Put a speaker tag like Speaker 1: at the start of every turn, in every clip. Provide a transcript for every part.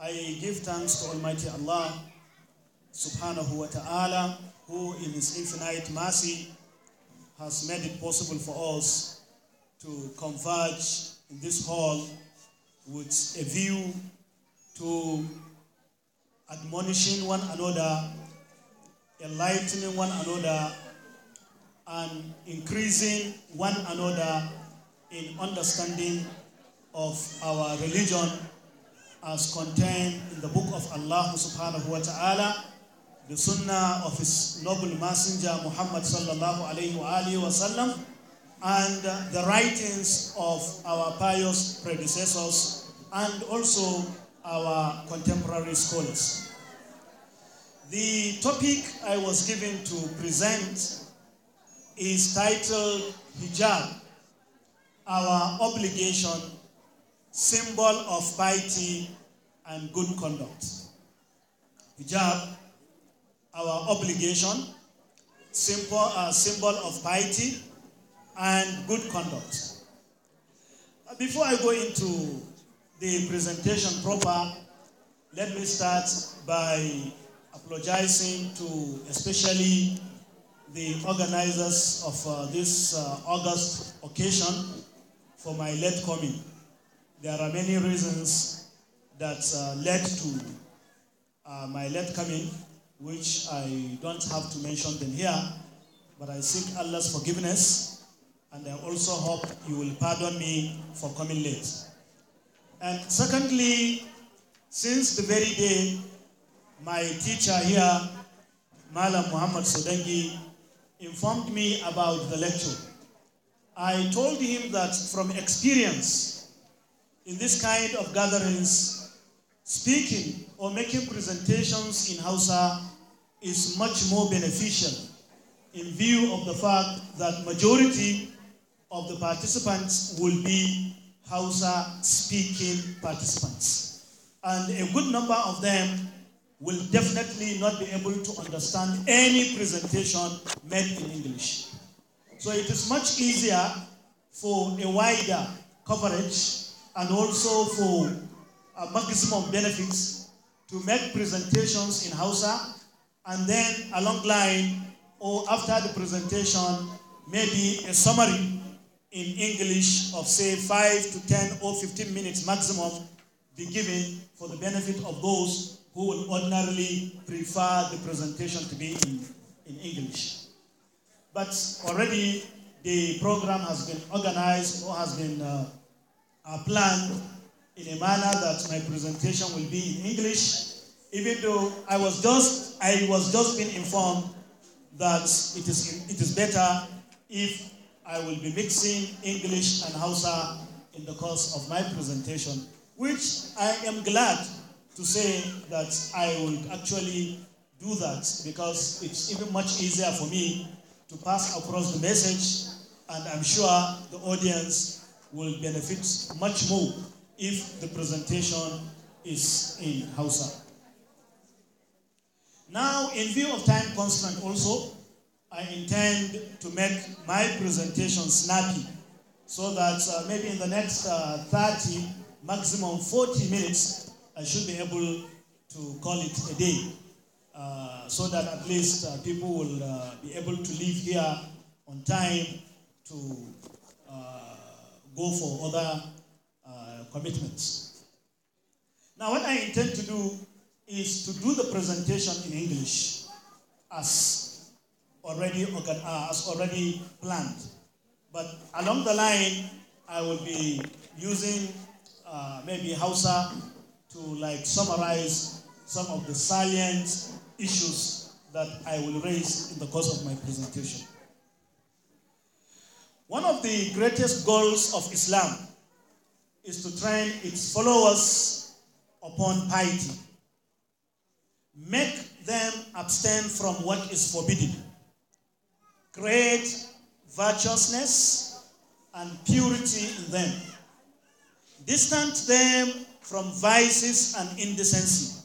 Speaker 1: I give thanks to Almighty Allah subhanahu wa ta'ala who in his infinite mercy has made it possible for us to converge in this hall with a view to admonishing one another, enlightening one another, and increasing one another in understanding of our religion as contained in the book of Allah subhanahu wa ta'ala, the sunnah of his noble messenger Muhammad sallallahu alayhi wa sallam, and the writings of our pious predecessors and also our contemporary scholars. The topic I was given to present is titled Hijab, Our Obligation, Symbol of Piety and good conduct. Hijab, our obligation, simple, uh, symbol of piety, and good conduct. Uh, before I go into the presentation proper, let me start by apologizing to especially the organizers of uh, this uh, August occasion for my late coming. There are many reasons that uh, led to uh, my late coming, which I don't have to mention them here, but I seek Allah's forgiveness, and I also hope you will pardon me for coming late. And secondly, since the very day my teacher here, Malam Muhammad Sodengi, informed me about the lecture, I told him that from experience in this kind of gatherings, speaking or making presentations in Hausa is much more beneficial in view of the fact that majority of the participants will be Hausa speaking participants. And a good number of them will definitely not be able to understand any presentation made in English. So it is much easier for a wider coverage and also for uh, maximum of benefits, to make presentations in Hausa, and then along line or after the presentation, maybe a summary in English of say 5 to 10 or 15 minutes maximum be given for the benefit of those who would ordinarily prefer the presentation to be in, in English. But already the program has been organized or has been uh, uh planned in a manner that my presentation will be in English, even though I was just I was just being informed that it is it is better if I will be mixing English and Hausa in the course of my presentation, which I am glad to say that I will actually do that because it's even much easier for me to pass across the message, and I'm sure the audience will benefit much more if the presentation is in Hausa. Now, in view of time constraint also, I intend to make my presentation snappy so that uh, maybe in the next uh, 30, maximum 40 minutes, I should be able to call it a day uh, so that at least uh, people will uh, be able to leave here on time to uh, go for other commitments. Now, what I intend to do is to do the presentation in English as already, organ- uh, as already planned. But along the line, I will be using uh, maybe Hausa to like summarize some of the salient issues that I will raise in the course of my presentation. One of the greatest goals of Islam is to train its followers upon piety. Make them abstain from what is forbidden. Create virtuousness and purity in them. Distance them from vices and indecency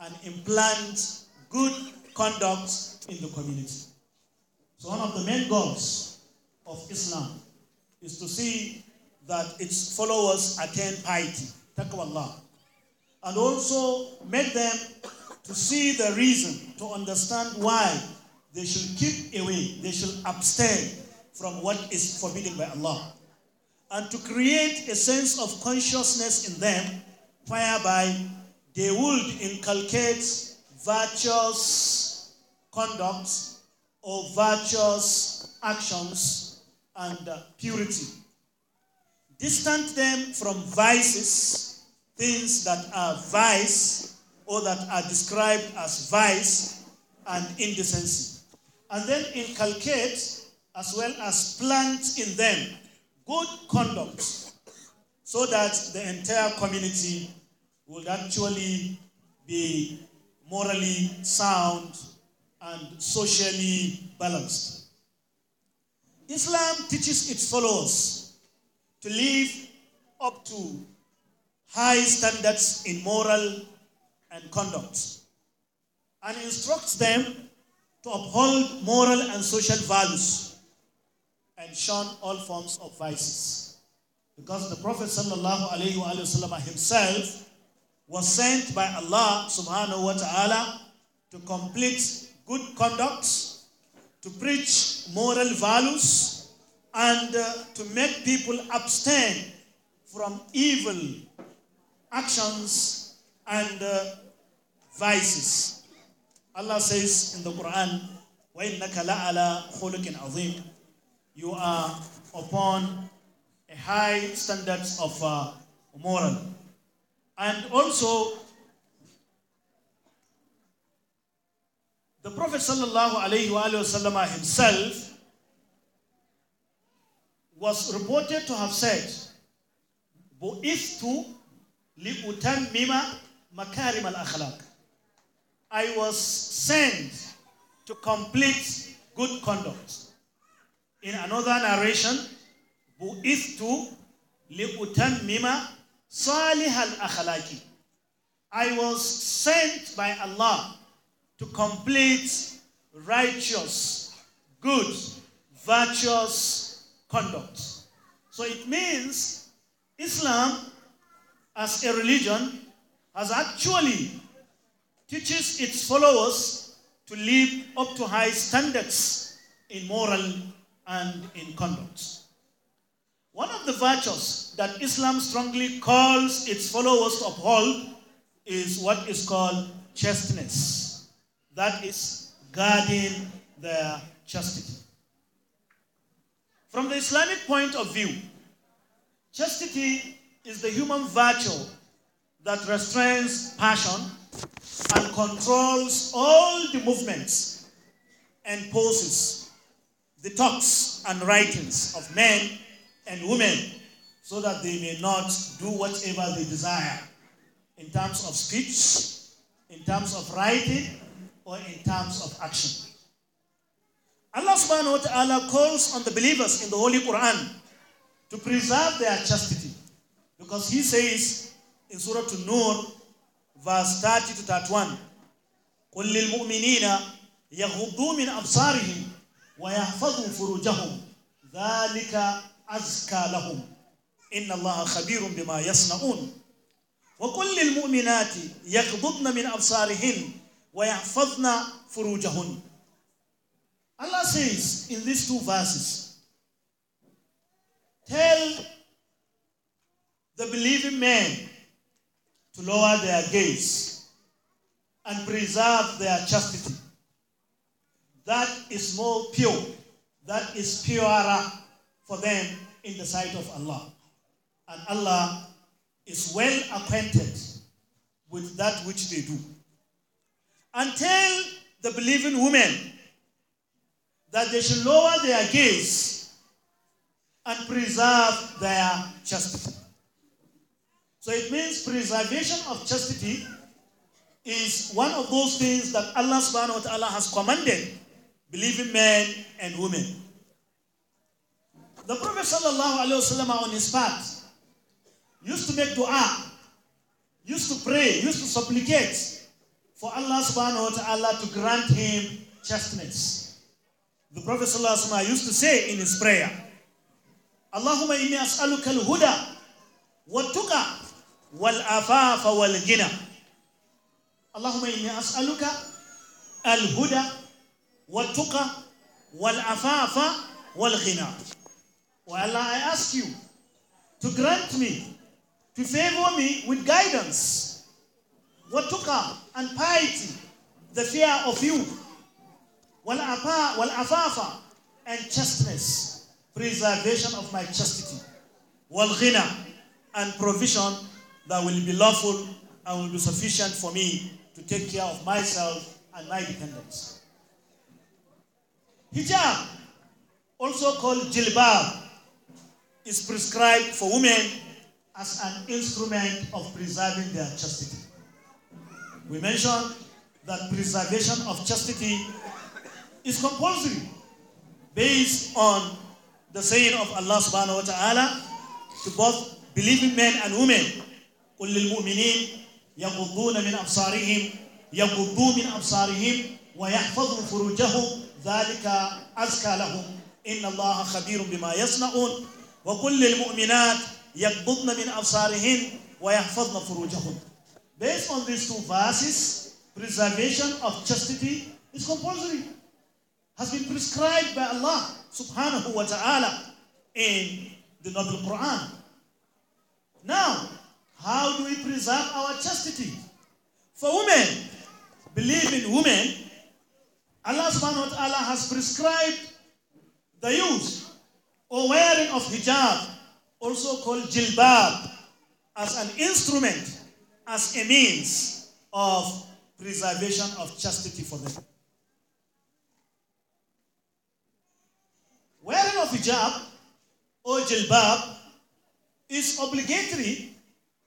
Speaker 1: and implant good conduct in the community. So, one of the main goals of Islam is to see that its followers attain piety, taqwallah, and also make them to see the reason, to understand why they should keep away, they should abstain from what is forbidden by Allah, and to create a sense of consciousness in them whereby they would inculcate virtuous conduct or virtuous actions and uh, purity Distant them from vices, things that are vice or that are described as vice and indecency. And then inculcate as well as plant in them good conduct so that the entire community would actually be morally sound and socially balanced. Islam teaches its followers to live up to high standards in moral and conduct, and instructs them to uphold moral and social values and shun all forms of vices. Because the Prophet himself was sent by Allah subhanahu wa ta'ala to complete good conduct, to preach moral values, and uh, to make people abstain from evil actions and uh, vices. Allah says in the Quran, وَإِنَّكَ لَعَلَى خُلُقٍ عَظِيمٍ You are upon a high standards of uh, moral. And also, the Prophet sallallahu alaihi wasallam himself was reported to have said, Bu'istu li'utammima makarim al-akhlaq. I was sent to complete good conduct. In another narration, Bu'istu li'utammima salih al-akhlaqi. I was sent by Allah to complete righteous, good, virtuous conduct. So it means Islam as a religion has actually teaches its followers to live up to high standards in moral and in conduct. One of the virtues that Islam strongly calls its followers to uphold is what is called chasteness. That is guarding their chastity. From the Islamic point of view, chastity is the human virtue that restrains passion and controls all the movements and poses, the talks and writings of men and women, so that they may not do whatever they desire in terms of speech, in terms of writing, or in terms of action. Allah subhanahu wa ta'ala calls on the believers in the Holy Quran to preserve their chastity. Because he says in Surah An-Nur, verse 30 to 31, قل للمؤمنين يغضوا من أبصارهم ويحفظوا فروجهم ذلك أزكى لهم إن الله خبير بما يصنعون وقل للمؤمنات يغضضن من أبصارهن ويحفظن فروجهن Allah says in these two verses, tell the believing men to lower their gaze and preserve their chastity. That is more pure, that is purer for them in the sight of Allah. And Allah is well acquainted with that which they do. And tell the believing women that they should lower their gaze and preserve their chastity. So it means preservation of chastity is one of those things that Allah subhanahu wa ta'ala has commanded believing men and women. The Prophet sallallahu alaihi wasallam on his part used to make dua, used to pray, used to supplicate for Allah subhanahu wa ta'ala to grant him chastity. The Prophet ﷺ used to say in his prayer, Allahumma inni as'aluka al-huda wal-tuqa wal-afafa wal-gina. Allahumma inni as'aluka al-huda wal-tuqa wal-afafa wal-gina. O Allah, I ask you to grant me, to favor me with guidance, watuqa and piety, the fear of you, والعفاف and chasteness, preservation of my chastity, والغنى and provision that will be lawful and will be sufficient for me to take care of myself and my dependents. Hijab, also called jilbab, is prescribed for women as an instrument of preserving their chastity. We mentioned that preservation of chastity is compulsory based on the saying of Allah subhanahu wa ta'ala to both believing men and women قل للمؤمنين يغضون من أبصارهم يغضوا من أبصارهم ويحفظوا فروجهم ذلك أزكى لهم إن الله خبير بما يصنعون وقل للمؤمنات يغضضن من أبصارهن ويحفظن فروجهن Based on these two verses, preservation of chastity is compulsory has been prescribed by Allah subhanahu wa ta'ala in the Noble Quran. Now, how do we preserve our chastity? For women, believe in women, Allah subhanahu wa ta'ala has prescribed the use or wearing of hijab, also called jilbab, as an instrument, as a means of preservation of chastity for them. hijab or jilbab is obligatory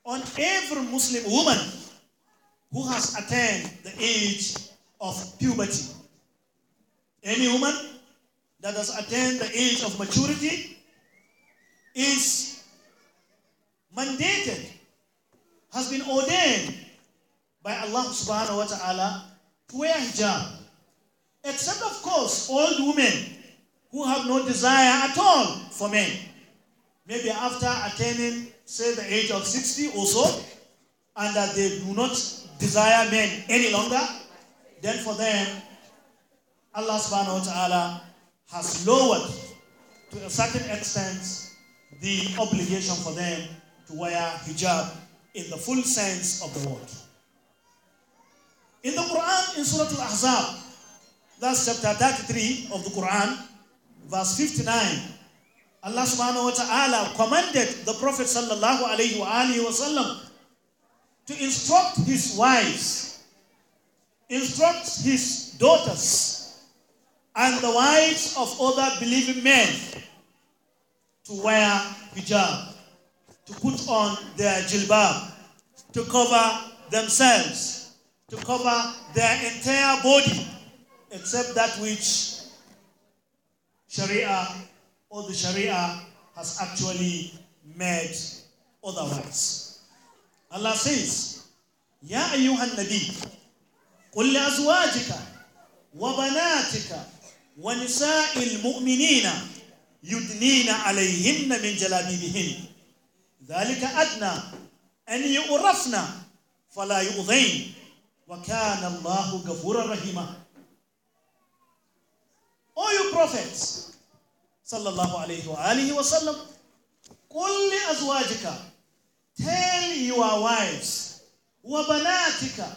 Speaker 1: on every Muslim woman who has attained the age of puberty. Any woman that has attained the age of maturity is mandated, has been ordained by Allah subhanahu wa ta'ala to wear hijab. Except, of course, old women who have no desire at all for men. Maybe after attaining, say, the age of 60 or so, and that they do not desire men any longer, then for them, Allah subhanahu wa ta'ala has lowered to a certain extent the obligation for them to wear hijab in the full sense of the word. In the Quran, in Surah Al Ahzab, that's chapter 33 of the Quran, verse 59, Allah subhanahu wa ta'ala commanded the Prophet sallallahu alayhi wa sallam to instruct his wives, instruct his daughters, and the wives of other believing men to wear hijab, to put on their jilbab, to cover themselves, to cover their entire body, except that which Sharia or the Sharia has actually made otherwise. Allah says, يا أيها النبي قل لأزواجك وبناتك ونساء المؤمنين يدنين عليهن من جلابيبهن ذلك أدنى أن يؤرفن فلا يؤذين وكان الله غفورا رحيما all you prophets, sallallahu alayhi wa alihi wa sallam, kulli azwajika, tell your wives, wa banatika,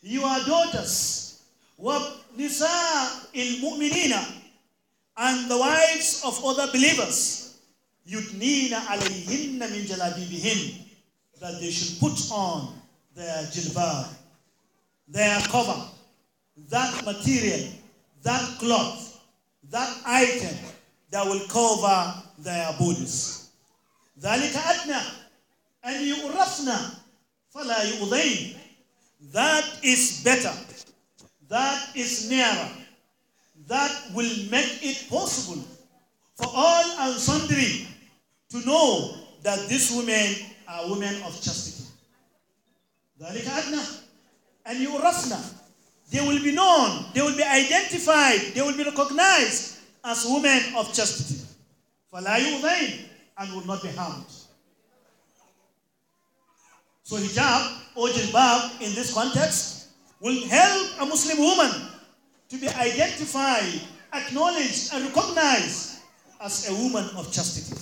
Speaker 1: your daughters, wa nisa'il mu'minina, and the wives of other believers, yudnina alayhinna min jalabibihin, that they should put on their jilbab, their cover, that material, that cloth, that item that will cover their bodies. ذلك أدنى أن يؤرفنا فلا يؤذين That is better. That is nearer. That will make it possible for all and sundry to know that these women are women of chastity. ذلك أدنى أن يؤرفنا they will be known, they will be identified, they will be recognized as women of chastity. فَلَا يُؤْذَيْنَ and will not be harmed. So hijab or jilbab in this context will help a Muslim woman to be identified, acknowledged, and recognized as a woman of chastity.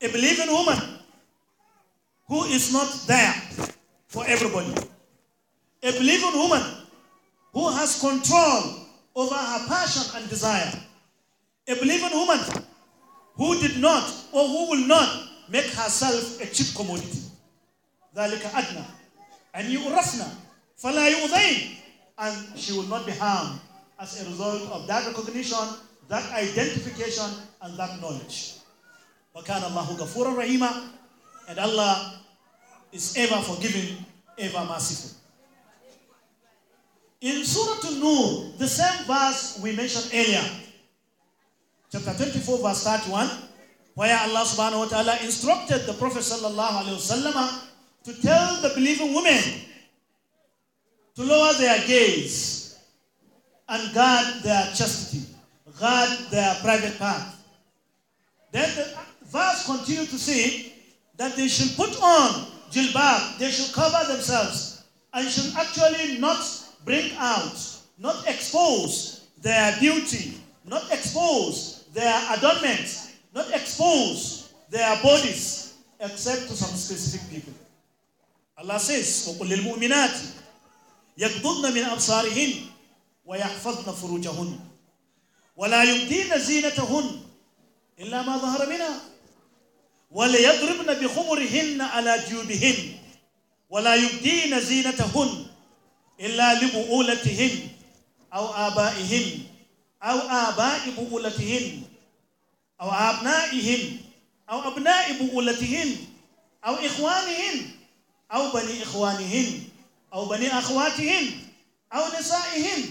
Speaker 1: A believing woman who is not there for everybody. A believing woman who has control over her passion and desire. A believing woman who did not or who will not make herself a cheap commodity. ذلك أدنى أن يؤرفنا فلا يؤذين and she will not be harmed as a result of that recognition, that identification, and that knowledge. وَكَانَ اللَّهُ غَفُورًا رَحِيمًا And Allah is ever forgiving, ever merciful. In Surah to Noor, the same verse we mentioned earlier, chapter 24, verse 31, where Allah subhanahu wa ta'ala instructed the Prophet sallallahu to tell the believing women to lower their gaze and guard their chastity, guard their private part. Then the verse continues to say that they should put on jilbab, they should cover themselves and should actually not bring out, not expose their beauty, not expose their adornments, not expose their bodies, except to some specific people. Allah says, وَقُلْ لِلْمُؤْمِنَاتِ يَقْضُضْنَ مِنْ أَبْصَارِهِنْ ويحفظن فروجهن ولا يبدين زينتهن إلا ما ظهر منها وليضربن بخمرهن على جيوبهن ولا يبدين زينتهن إلا لبؤولتهن أو آبائهن أو آباء بؤولتهن أو أبنائهن أو أبناء بؤولتهن أو إخوانهن أو بني إخوانهن أو بني أخواتهن أو نسائهن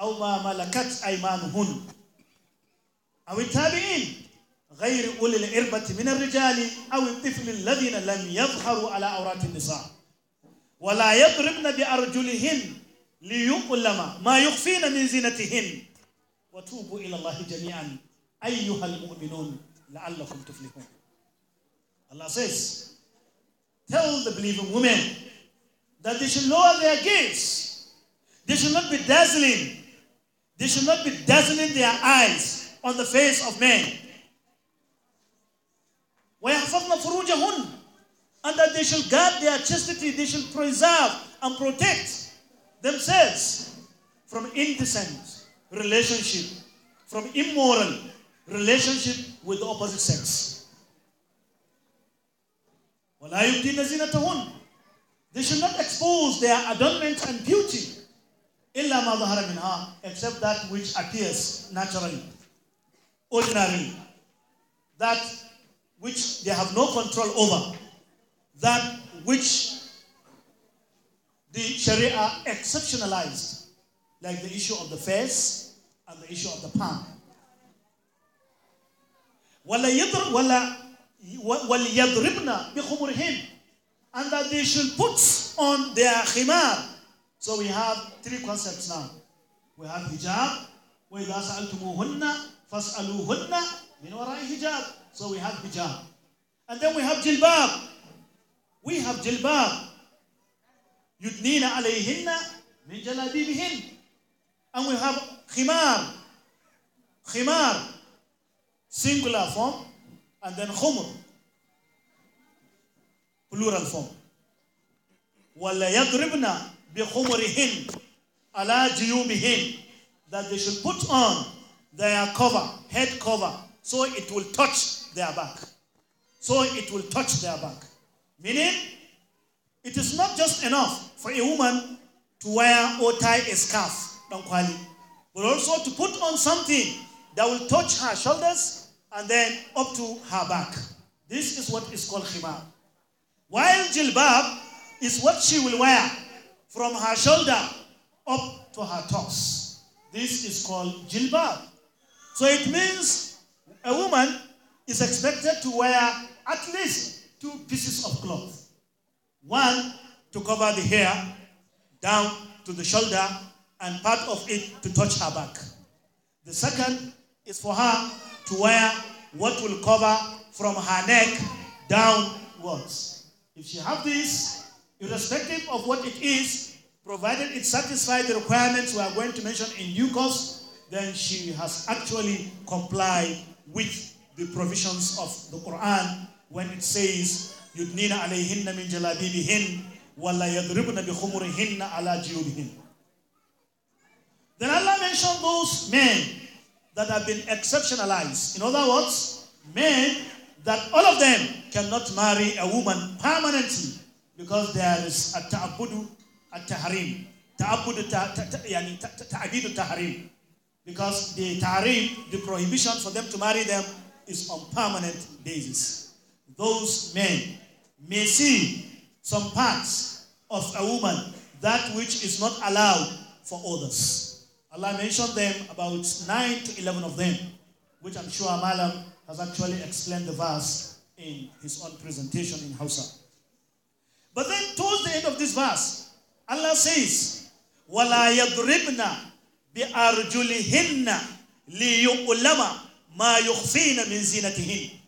Speaker 1: أو ما ملكت أيمانهن أو التابعين غير أولي الإربة من الرجال أو الطفل الذين لم يظهروا على أوراق النساء ولا يضربن بأرجلهن ليقلم ما يخفين من زينتهن وتوبوا إلى الله جميعا أيها المؤمنون لعلكم تفلحون Allah says tell the believing women that they should lower their gaze they should not be dazzling they should not be dazzling their eyes on the face of men ويحفظن فروجهن and that they shall guard their chastity, they shall preserve and protect themselves from indecent relationship, from immoral relationship with the opposite sex. They should not expose their adornment and beauty except that which appears naturally, ordinarily, that which they have no control over that which the Sharia exceptionalized, like the issue of the face and the issue of the palm. And that they should put on their khimar. So we have three concepts now. We have hijab. وَإِذَا سَأَلْتُمُوهُنَّ فَاسْأَلُوهُنَّ مِنْ وَرَاءِ hijab. So we have hijab. And then we have jilbab. We have jilbab. Yudnina alayhinna min jalabibihin. And we have khimar. Khimar, singular form, and then khumr, plural form. وَلَا bi بِخُمُرِهِنْ ala جِيُوبِهِنْ That they should put on their cover, head cover, so it will touch their back. So it will touch their back. Meaning, it is not just enough for a woman to wear or tie a scarf, dankwali, but also to put on something that will touch her shoulders and then up to her back. This is what is called khimar. While jilbab is what she will wear from her shoulder up to her toes. This is called jilbab. So it means a woman is expected to wear at least two pieces of cloth. One to cover the hair down to the shoulder and part of it to touch her back. The second is for her to wear what will cover from her neck downwards. If she have this, irrespective of what it is, provided it satisfies the requirements we are going to mention in due course, then she has actually complied with the provisions of the Quran when it says, "Yudnina عَلَيْهِنَّ min جَلَابِيبِهِنْ وَلَا يَضْرِبْنَ بِخُمُرِهِنَّ عَلَى جِيُوبِهِنْ Then Allah mentioned those men that have been exceptionalized. In other words, men that all of them cannot marry a woman permanently because there is a ta'abudu at-tahrim. Ta'abudu ta'abidu tahrim. Because the tahrim, the prohibition for them to marry them is on permanent basis those men may see some parts of a woman, that which is not allowed for others. Allah mentioned them about 9 to 11 of them, which I'm sure Amalam has actually explained the verse in his own presentation in Hausa. But then towards the end of this verse, Allah says, وَلَا يَضْرِبْنَ بِأَرْجُلِهِنَّ لِيُؤْلَمَ مَا يُخْفِينَ مِنْ زِينَتِهِنَّ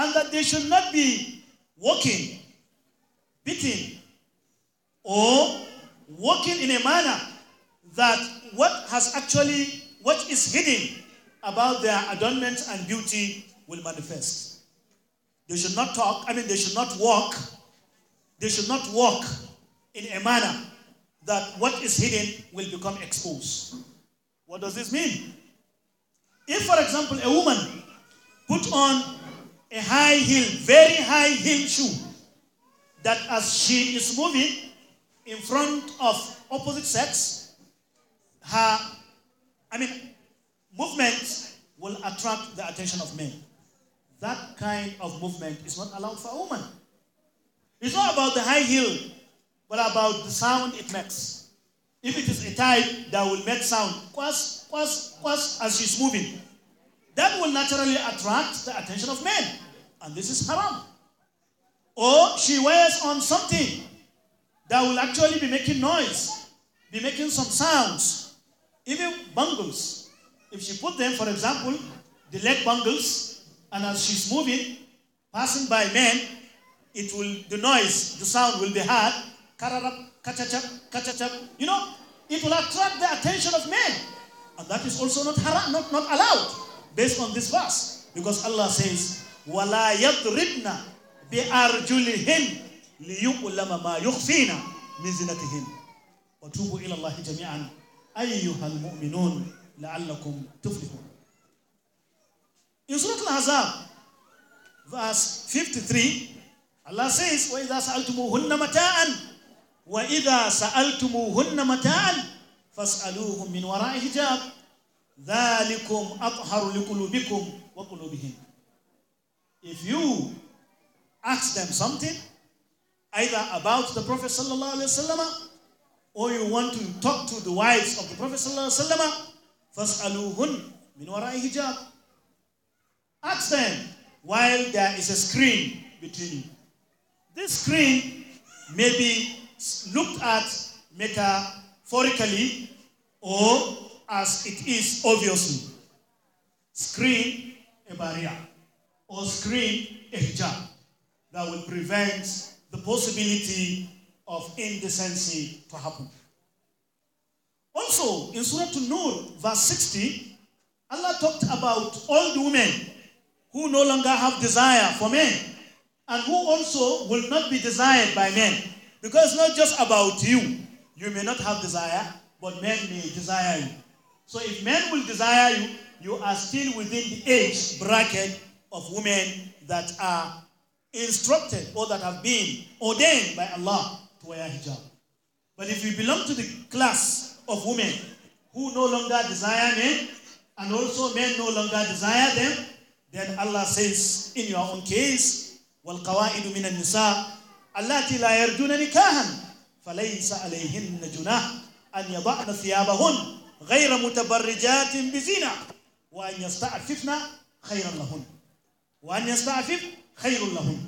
Speaker 1: and that they should not be walking, beating, or walking in a manner that what has actually, what is hidden about their adornment and beauty will manifest. They should not talk, I mean, they should not walk, they should not walk in a manner that what is hidden will become exposed. What does this mean? If, for example, a woman put on a high heel, very high heel shoe that as she is moving in front of opposite sex, her, I mean, movement will attract the attention of men. That kind of movement is not allowed for a woman. It's not about the high heel, but about the sound it makes. If it is a type that will make sound, quas, quas, quas, as she's moving, that will naturally attract the attention of men. And this is haram. Or she wears on something that will actually be making noise, be making some sounds, even bangles. If she put them, for example, the leg bangles, and as she's moving, passing by men, it will the noise, the sound will be heard. Kararap, kachachap, kachachap. You know, it will attract the attention of men. And that is also not haram, not, not allowed based on this verse. Because Allah says, وَلَا يَضْرِبْنَا بِأَرْجُلِهِمْ لِيُؤْلَمَ مَا يُخْفِينَ مِنْ زِنَتِهِمْ وَتُوبُوا إِلَى اللَّهِ جَمِيعًا أَيُّهَا الْمُؤْمِنُونَ لَعَلَّكُمْ تُفْلِحُونَ In Surah Al-Ahzab, verse 53, Allah says, وَإِذَا سَأَلْتُمُوهُنَّ مَتَاعًا وَإِذَا سَأَلْتُمُوهُنَّ مَتَاعًا فَاسْأَلُوهُمْ مِنْ وَرَاءِ حِجَابٍ ذَلِكُمْ أَطْهَرُ لِقُلُوبِكُمْ وَقُلُوبِهِمْ If you ask them something, either about the Prophet wasallam, or you want to talk to the wives of the Prophet wasallam, فَاسْأَلُوهُنْ مِنْ وَرَاءِ hijab. Ask them while there is a screen between you. This screen may be looked at metaphorically or as it is obviously. Screen a barrier or screen a hijab that will prevent the possibility of indecency to happen. Also, in Surah An-Nur, verse 60, Allah talked about old women who no longer have desire for men and who also will not be desired by men. Because it's not just about you. You may not have desire, but men may desire you. So if men will desire you, you are still within the age bracket of women that are instructed or that have been ordained by Allah to wear hijab. But if you belong to the class of women who no longer desire men, and also men no longer desire them, then Allah says in your own case, والقواعد من النساء اللاتي لا يرجون نكاحا فليس عليهن جناح أن يضعن ثيابهن غير متبرجات بزنا وأن يستعففن خيرا لهن وأن يستعفف خير لهن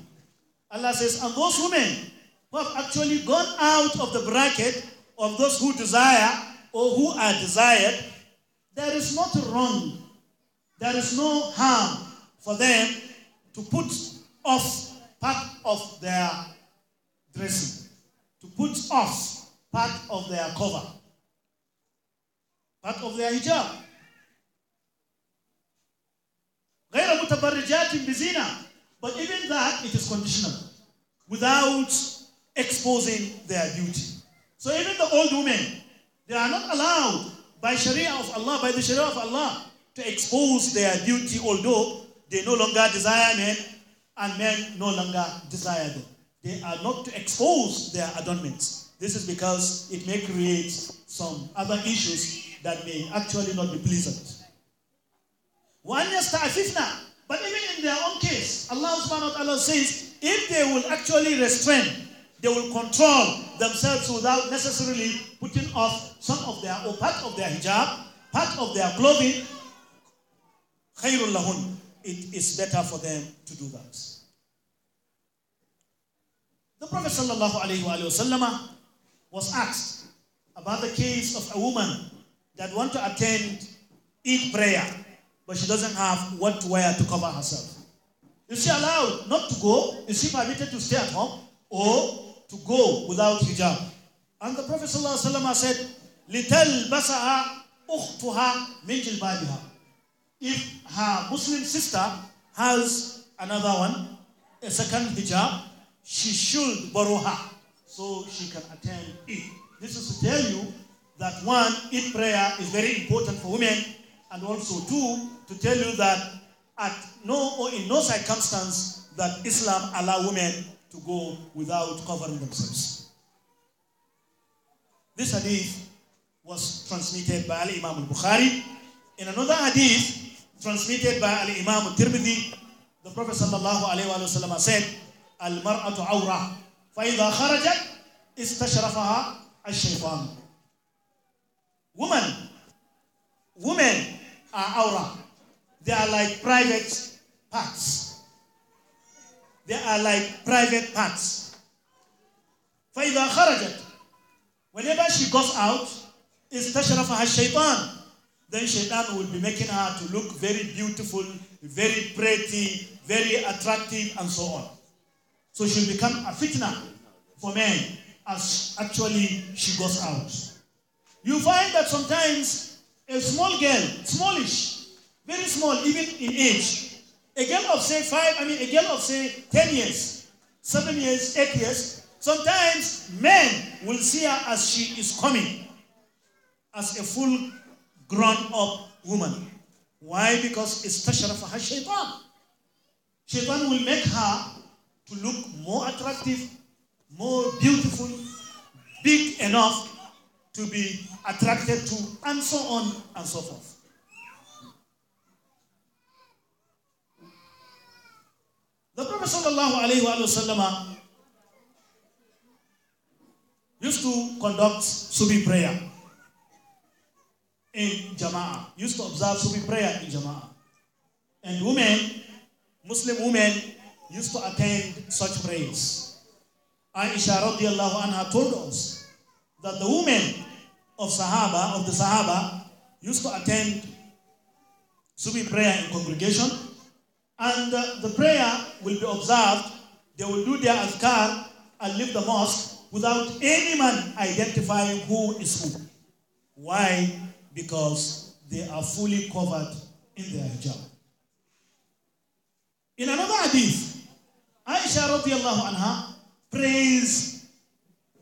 Speaker 1: Allah says and those women who have actually gone out of the bracket of those who desire or who are desired there is not wrong there is no harm for them to put off part of their dressing to put off part of their cover part of their hijab. غير متبرجات بزينة but even that it is conditional without exposing their beauty. So even the old women they are not allowed by Sharia of Allah by the Sharia of Allah to expose their beauty although they no longer desire men and men no longer desire them. They are not to expose their adornments. This is because it may create some other issues that may actually not be pleasant. One starts yasta'afifna. But even in their own case, Allah subhanahu wa ta'ala says, if they will actually restrain, they will control themselves without necessarily putting off some of their, or part of their hijab, part of their clothing, khairul lahun. It is better for them to do that. The Prophet sallallahu alayhi wa was asked about the case of a woman that want to attend in prayer, but she doesn't have what to wear to cover herself. Is she allowed not to go? Is she permitted to stay at home or to go without hijab? And the Prophet ﷺ said, basaah أُخْتُهَا مِنْ جِلْبَابِهَا If her Muslim sister has another one, a second hijab, she should borrow her so she can attend it. This is to tell you that one, in prayer is very important for women, and also two, to tell you that at no or in no circumstance that Islam allow women to go without covering themselves. This hadith was transmitted by Ali Imam al-Bukhari. In another hadith transmitted by Ali Imam al-Tirmidhi, the Prophet sallallahu alayhi wasallam said, "Al-mar'atu awra, fa kharajat istashrafaha ash-shaytan." Women, women are aura. They are like private parts. They are like private parts. whenever she goes out her shaitan, then shaitan will be making her to look very beautiful, very pretty, very attractive, and so on. So she'll become a fitna for men as actually she goes out. You find that sometimes a small girl, smallish, very small, even in age, a girl of say five, I mean, a girl of say 10 years, seven years, eight years, sometimes men will see her as she is coming, as a full grown up woman. Why? Because it's for her shaitan. Shaitan will make her to look more attractive, more beautiful, big enough to be attracted to, and so on and so forth. The Prophet sallallahu alayhi wa sallam used to conduct subi prayer in jama'ah, used to observe subi prayer in jama'ah. And women, Muslim women, used to attend such prayers. Aisha radiallahu anha told us that the women of Sahaba, of the Sahaba, used to attend Subi prayer in congregation. And uh, the prayer will be observed. They will do their azkar and leave the mosque without any man identifying who is who. Why? Because they are fully covered in their hijab. In another hadith, Aisha radiallahu anha praised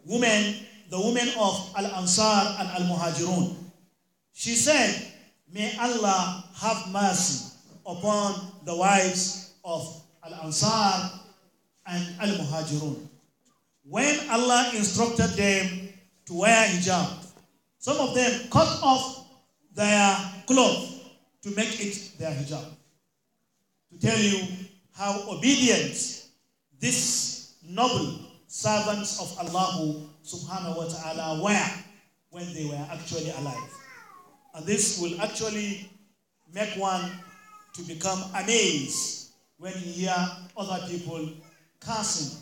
Speaker 1: women the women of Al Ansar and Al Muhajirun. She said, May Allah have mercy upon the wives of Al Ansar and Al Muhajirun. When Allah instructed them to wear hijab, some of them cut off their clothes to make it their hijab. To tell you how obedient these noble servants of Allah subhanahu wa ta'ala were when they were actually alive. And this will actually make one to become amazed when you hear other people cursing,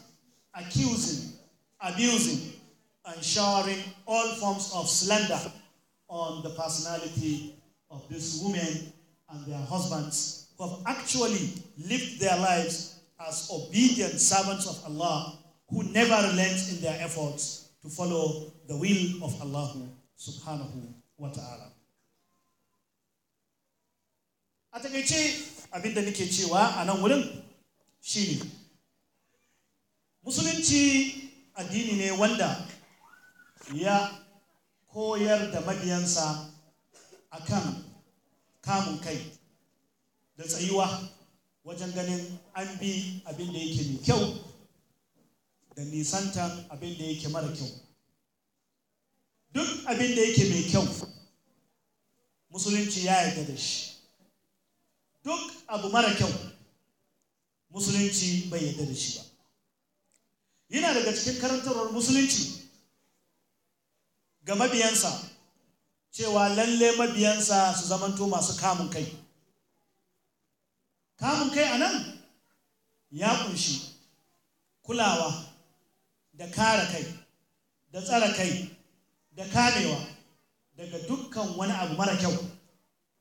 Speaker 1: accusing, abusing, and showering all forms of slander on the personality of these women and their husbands who have actually lived their lives as obedient servants of Allah who never relent in their efforts to follow the will of Allah subhanahu wa ta'ala. A takaice abinda nake cewa a nan wurin shi ne, Musulunci addini ne wanda ya koyar da mabiyansa kan kamun kai da tsayuwa wajen ganin an bi abin da yake mai kyau da nisanta abin da yake mara kyau duk abin da yake mai kyau musulunci ya yarda da shi duk abu mara kyau musulunci bai yarda da shi ba yana daga cikin karantarwar musulunci ga mabiyansa cewa lalle mabiyansa su zamanto masu kamun kai kamun kai a nan ya kunshi kulawa da kare kai da tsare kai da kamewa daga dukkan wani abu mara kyau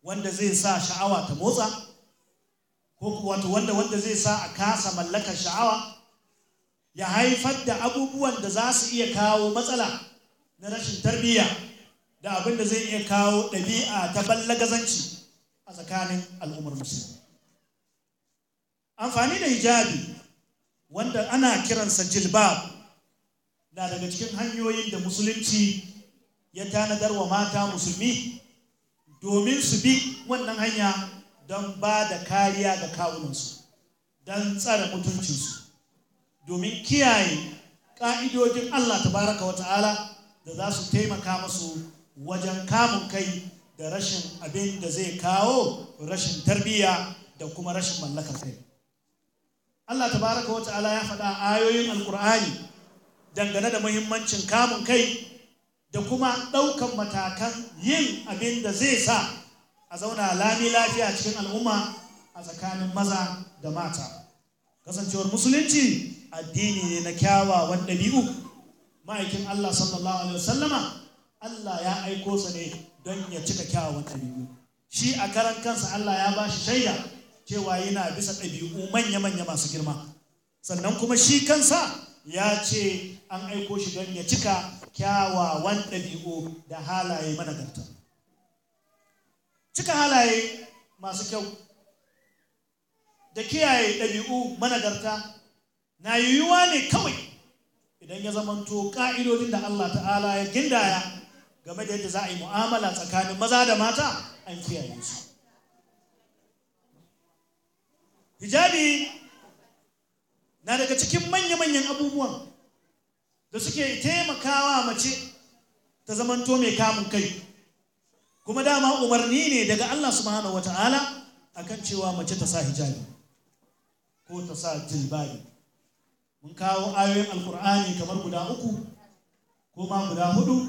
Speaker 1: wanda zai sa sha'awa ta motsa ko wato wanda wanda zai sa a kasa mallakar sha'awa ya haifar da abubuwan da za su iya kawo matsala na rashin tarbiyya da abin da zai iya kawo ɗabi'a ta ballagazanci a tsakanin al'ummar musulmi amfani da hijabi wanda ana kiransa jilbab na daga cikin hanyoyin da musulunci ya tanadar wa mata musulmi domin su bi wannan hanya don ba da kariya ga kawunansu don tsare mutuncinsu domin kiyaye ƙa'idojin Allah baraka wa ta'ala da za su taimaka masu wajen kamun kai da rashin abin da zai kawo rashin tarbiyya da kuma rashin mallakar kai Allah baraka wa ta'ala ya faɗa ayoyin alkur'ani dangane da muhimmancin kamun kai da kuma ɗaukan matakan yin abin da zai sa a zauna lami lafiya cikin al'umma a tsakanin maza da mata kasancewar musulunci addini ne na kyawawan ɗabi'u ma'aikin allah sallallahu alaihi wasallama allah ya aiko sa ne don ya cika kyawawan ɗabi'u shi a karan kansa allah ya ba shi shaida cewa yana bisa ɗabi'u manya-manya masu girma sannan kuma shi kansa ya ce an aiko shi don ya cika kyawawan ɗabi'u da halaye managarta cika halaye masu kyau da kiyaye ɗabi'u managarta na yiwuwa ne kawai idan ya zamanto ƙa'idodin da Allah ta'ala ya gindaya game da yadda za a yi mu'amala tsakanin maza da mata an kiyaye su hijabi na daga cikin manya-manyan abubuwan da suke taimakawa mace ta zamanto mai kamun kai kuma dama umarni ne daga Allah subhanahu wata'ala akan cewa mace ta sa hijabi ko ta sa jilbabi mun kawo ayoyin alkur'ani kamar guda uku ko ma guda hudu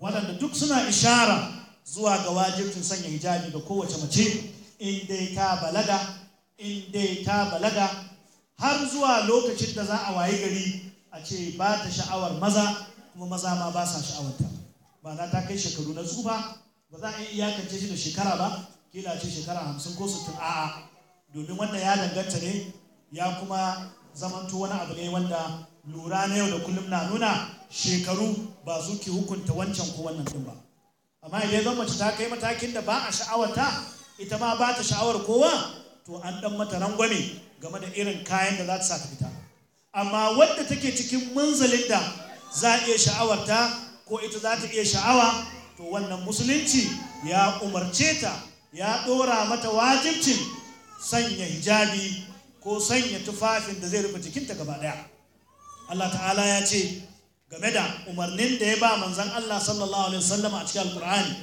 Speaker 1: waɗanda duk suna ishara zuwa ga wajibcin sanya hijabi ga kowace mace in dai ta balaga in dai ta balaga har zuwa lokacin da za a wayi gari a ce ba ta sha'awar maza kuma maza ma ba sa sha'awarta ba za ta kai shekaru na tsufa ba za a iya iyakance shi da shekara ba kila ce shekara hamsin ko sittin a'a domin wanda ya danganta ne ya kuma zamanto wani abu ne wanda lura na yau da kullum na nuna shekaru ba su ke hukunta wancan ko wannan din ba amma idan zan mace ta kai matakin da ba a sha'awarta ita ma ba ta sha'awar kowa to an dan mata rangwame game da irin kayan da za ta sa ta fita amma wadda take cikin munzalin da za a iya sha'awarta ko ita za ta iya sha'awa to wannan musulunci ya umarce ta ya ɗora mata wajibcin sanya hijabi ko sanya tufafin da zai rufe jikinta gaba ɗaya Allah ta'ala ya ce game da umarnin da ya ba manzan Allah sallallahu alaihi wasallam a cikin alkur'ani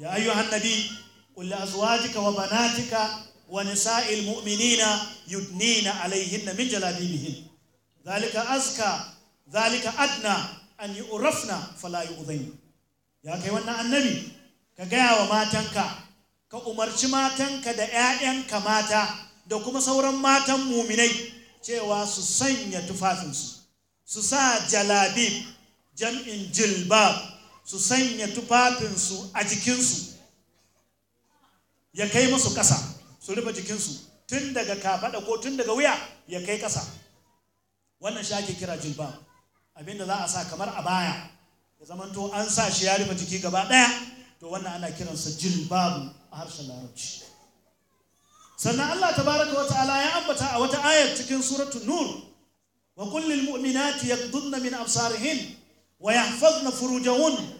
Speaker 1: ya ayyuhan nabi qul azwajika wa banatika wa nisa'il mu'minina yudnina alaihinna min jalabibihin zalika azka zalika adna an yi urafna fala yi ya kai wannan annabi ka gaya wa matanka ka umarci matanka da 'ya'yanka mata da kuma sauran matan muminai cewa su sanya tufafinsu su sa jalabib jam'in jilbab su sanya tufafinsu a jikinsu ya kai musu ƙasa su rufe jikinsu tun daga kafaɗa ko tun daga wuya ya kai ƙasa wannan shi ake kira jilbab abinda za a sa kamar a baya ya zamanto an sa shi ya rufe jiki gaba ɗaya to wannan ana kiransa jilbabu a harshen larabci sannan Allah tabaraka wa ta'ala ya ambata a wata ayar cikin suratul nur wa qul lil mu'minati yaghdudna min absarihin wa yahfazna furujahun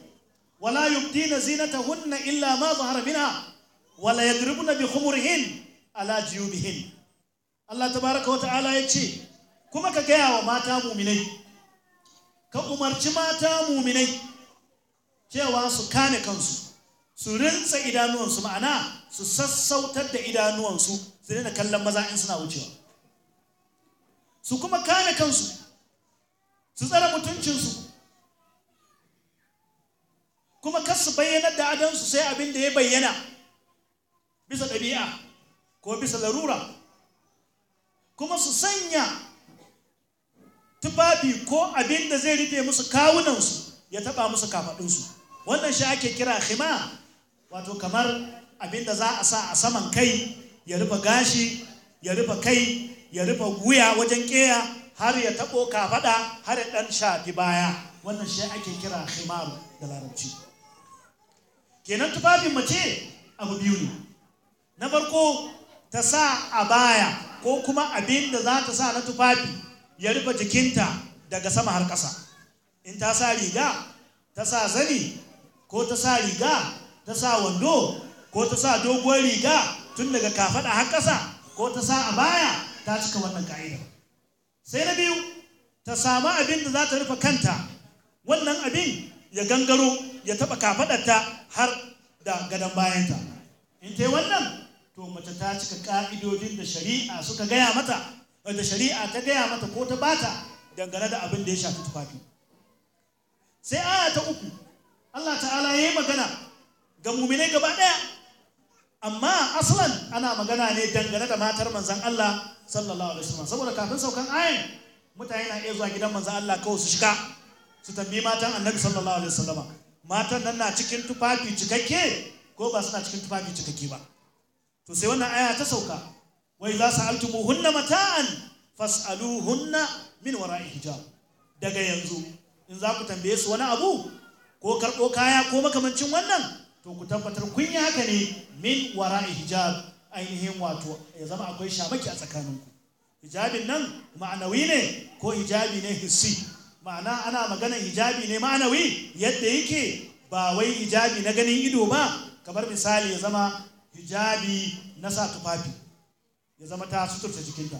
Speaker 1: wa la yubdina zinatahunna illa ma zahara minha wa la yadribna bi khumurihin ala jiyubihin Allah tabaraka wa ta'ala ya ce kuma ka gaya wa mata muminai ka umarci mata muminai cewa su kane kansu su rinsa idanuwansu ma'ana su sassautar da idanuwansu su daina kallon maza in suna wucewa su kuma kane kansu su tsara mutuncinsu kuma kar su bayyanar da adansu sai abin da ya bayyana bisa ɗabi'a ko bisa larura kuma su sanya tufafi ko abin da zai rufe musu kawunansu ya taba musu kafadunsu wannan shi ake kira hima wato kamar abin da za a sa a saman kai ya rufe gashi ya rufe kai ya rufe wuya wajen ƙeya har ya tabo kafaɗa har ya ɗan shafi baya wannan shi ake kira Himar da larabci kenan tufafin mace abu biyu ne na farko ta sa a baya ko kuma abin da za ta sa na tufafi ya rufe jikinta daga sama har ƙasa in ta sa riga ta sa zani ko ta sa riga ta sa wando ko ta sa doguwar riga tun daga kafaɗa har ƙasa ko ta sa a baya ta cika wannan ka'ida sai na biyu ta samu abin da za ta rufe kanta wannan abin ya gangaro ya taɓa ta har da gadon bayanta in ta yi wannan to mace ta cika ka'idodin da shari'a suka gaya mata wanda shari'a ta gaya mata ko ta bata dangane da abin da ya shafi tufafi sai aya ta uku Allah ta'ala ya yi magana ga muminai gaba ɗaya amma aslan ana magana ne dangane da matar manzan Allah sallallahu alaihi wasallam saboda kafin saukan ayin mutane na iya zuwa gidan manzan Allah kawai su shiga su tambayi matan annabi sallallahu alaihi wasallam matan nan na cikin tufafi cikakke ko ba suna cikin tufafi cikakke ba to sai wannan aya ta sauka wai za su haltumu hunna mata'an fas'alu hunna min wara hijab daga yanzu in za ku tambaye su wani abu ko karɓo kaya ko makamancin wannan to ku tabbatar kun yi haka ne min wara hijab ainihin wato ya zama akwai shamaki a tsakaninku hijabin nan ma'anawi ne ko hijabi ne hissi ma'ana ana magana hijabi ne ma'anawi yadda yake ba wai hijabi na ganin ido ba kamar misali ya zama hijabi na sa tufafi ya zama ta suturta jikinta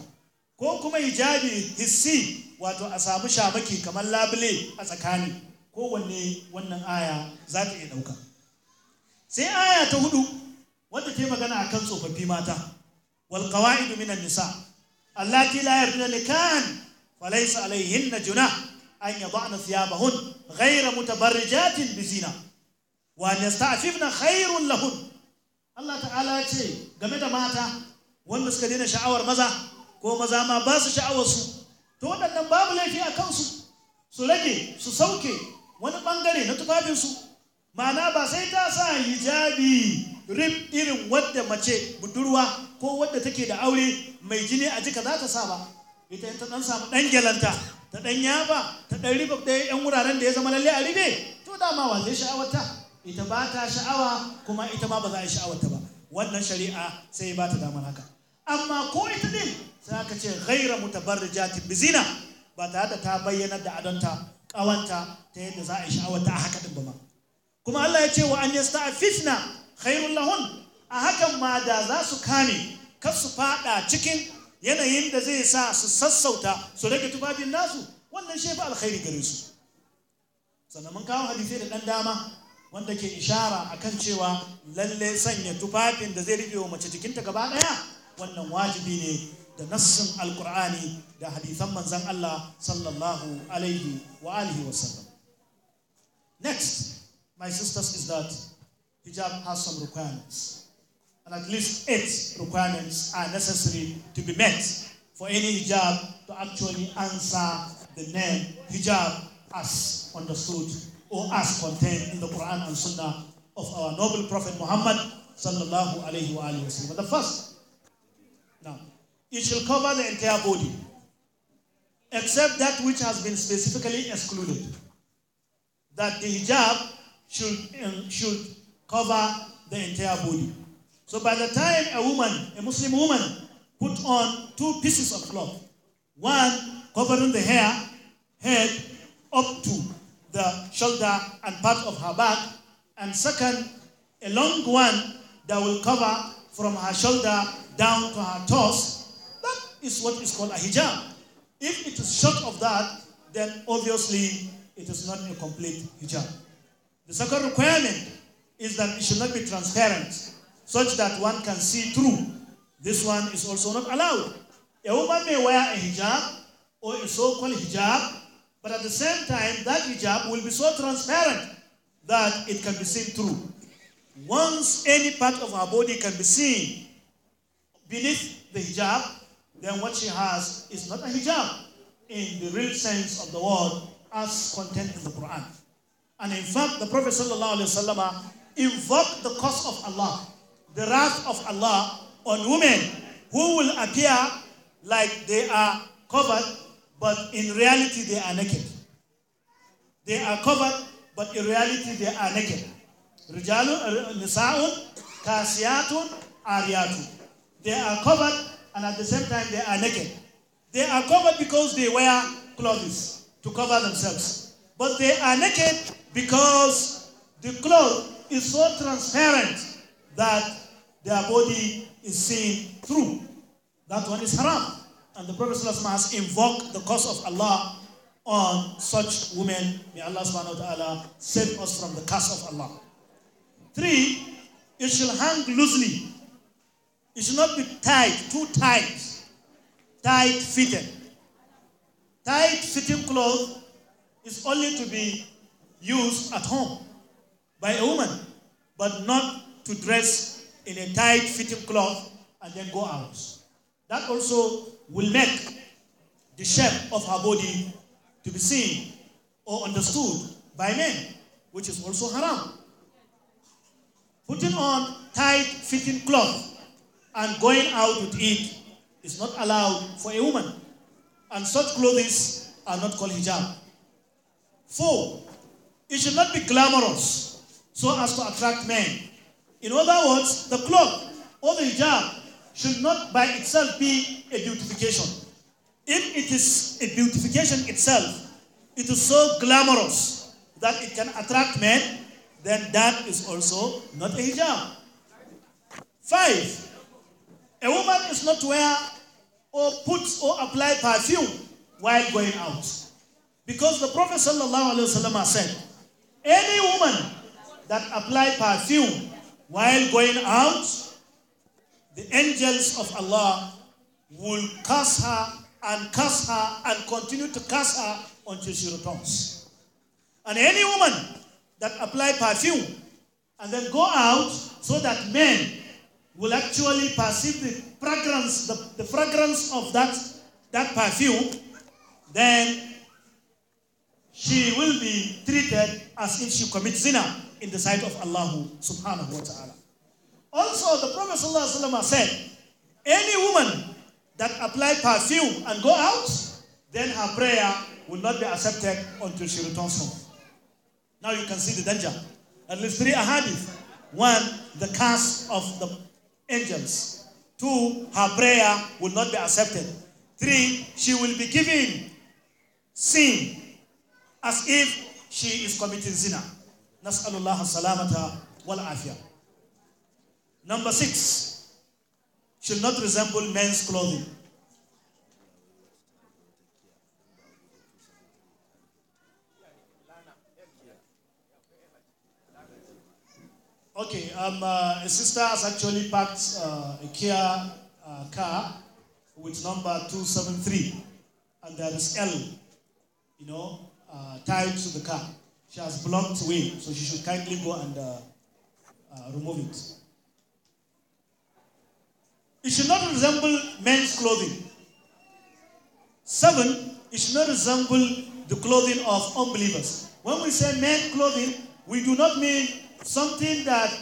Speaker 1: ko kuma hijabi hissi wato a samu shamaki kamar labule a tsakani kowanne wannan aya za ta iya ɗauka sai aya ta hudu wadda ta yi magana a kan tsofaffi mata wal qawaidu minan nisa allati la yarduna nikan falaysa alayhinna junah an yad'na thiyabahun ghayra mutabarrijatin bizina wa yasta'fifna khairun lahun Allah ta'ala ce game da mata wanda suka daina sha'awar maza ko maza ma ba su sha'awar su to waɗannan babu laifi a kansu su rage su sauke wani ɓangare na tufafinsu ma'ana ba sai ta sa hijabi rib irin wadda mace budurwa ko wadda take da aure mai jini a jika za ta sa ba ita ta ɗan samu ɗan gyalanta ta ɗan yaba ta ɗan riba ɗaya yan wuraren da ya zama lalle a ribe to dama wa zai sha'awarta ita ba ta sha'awa kuma ita ma ba za a yi sha'awarta ba wannan shari'a sai ba ta damar haka amma ko ita din sai aka ce ghaira mutabarrijatin bizina ba tare da ta bayyana da adonta kawanta ta yadda za a yi sha'awar a haka din ba ma kuma Allah ya ce wa an fitna khairul lahun a hakan ma da za su kame kar su faɗa cikin yanayin da zai sa su sassauta su rage tufafin nasu wannan shi alkhairi gare su sannan mun kawo hadisai da ɗan dama wanda ke ishara akan cewa lalle sanya tufafin da zai rufe wa mace jikinta gaba daya wannan wajibi ne da nassin alqur'ani da hadisan manzon Allah sallallahu alaihi wa alihi wasallam next my sisters is that hijab has some requirements and at least eight requirements are necessary to be met for any hijab to actually answer the name hijab as understood or as contained in the Quran and Sunnah of our noble Prophet Muhammad sallallahu The first, now, it shall cover the entire body, except that which has been specifically excluded. That the hijab should, um, should cover the entire body. So by the time a woman, a Muslim woman, put on two pieces of cloth, one covering the hair, head, up to the shoulder and part of her back, and second, a long one that will cover from her shoulder down to her toes. That is what is called a hijab. If it is short of that, then obviously it is not a complete hijab. The second requirement is that it should not be transparent, such that one can see through. This one is also not allowed. A woman may wear a hijab or a so called hijab but at the same time, that hijab will be so transparent that it can be seen through. Once any part of our body can be seen beneath the hijab, then what she has is not a hijab in the real sense of the word as contained in the Quran. And in fact, the Prophet wasallam invoked the curse of Allah, the wrath of Allah on women who will appear like they are covered but in reality they are naked. They are covered, but in reality they are naked. Rijalun, uh, Nisa'un, Kasiyatun, Ariyatun. They are covered and at the same time they are naked. They are covered because they wear clothes to cover themselves. But they are naked because the cloth is so transparent that their body is seen through. That one is haram and the Prophet has invoked the curse of Allah on such women. May Allah subhanahu wa ta'ala save us from the curse of Allah. Three, it should hang loosely. It should not be tied, too tight, tight fitted. Tight fitting clothes is only to be used at home by a woman, but not to dress in a tight fitting cloth and then go out. That also will make the shape of her body to be seen or understood by men, which is also haram. Putting on tight fitting cloth and going out with it is not allowed for a woman, and such clothes are not called hijab. Four, it should not be glamorous so as to attract men. In other words, the cloth or the hijab should not by itself be a beautification. If it is a beautification itself, it is so glamorous that it can attract men, then that is also not a hijab. Five, a woman is not to wear or put or apply perfume while going out. Because the Prophet wasallam said, any woman that apply perfume while going out the angels of Allah will curse her and curse her and continue to curse her until she returns. And any woman that apply perfume and then go out so that men will actually perceive the fragrance, the, the fragrance of that, that perfume, then she will be treated as if she commits zina in the sight of Allah subhanahu wa ta'ala. Also, the Prophet ﷺ said, any woman that apply perfume and go out, then her prayer will not be accepted until she returns home. Now you can see the danger. At least three ahadith. One, the curse of the angels. Two, her prayer will not be accepted. Three, she will be given sin as if she is committing zina. نسأل الله السلامة والعافية Number six, should not resemble men's clothing. Okay, um, uh, a sister has actually parked uh, a Kia uh, car with number 273, and there is L, you know, uh, tied to the car. She has blocked way, so she should kindly go and uh, uh, remove it. It should not resemble men's clothing. Seven, it should not resemble the clothing of unbelievers. When we say men's clothing, we do not mean something that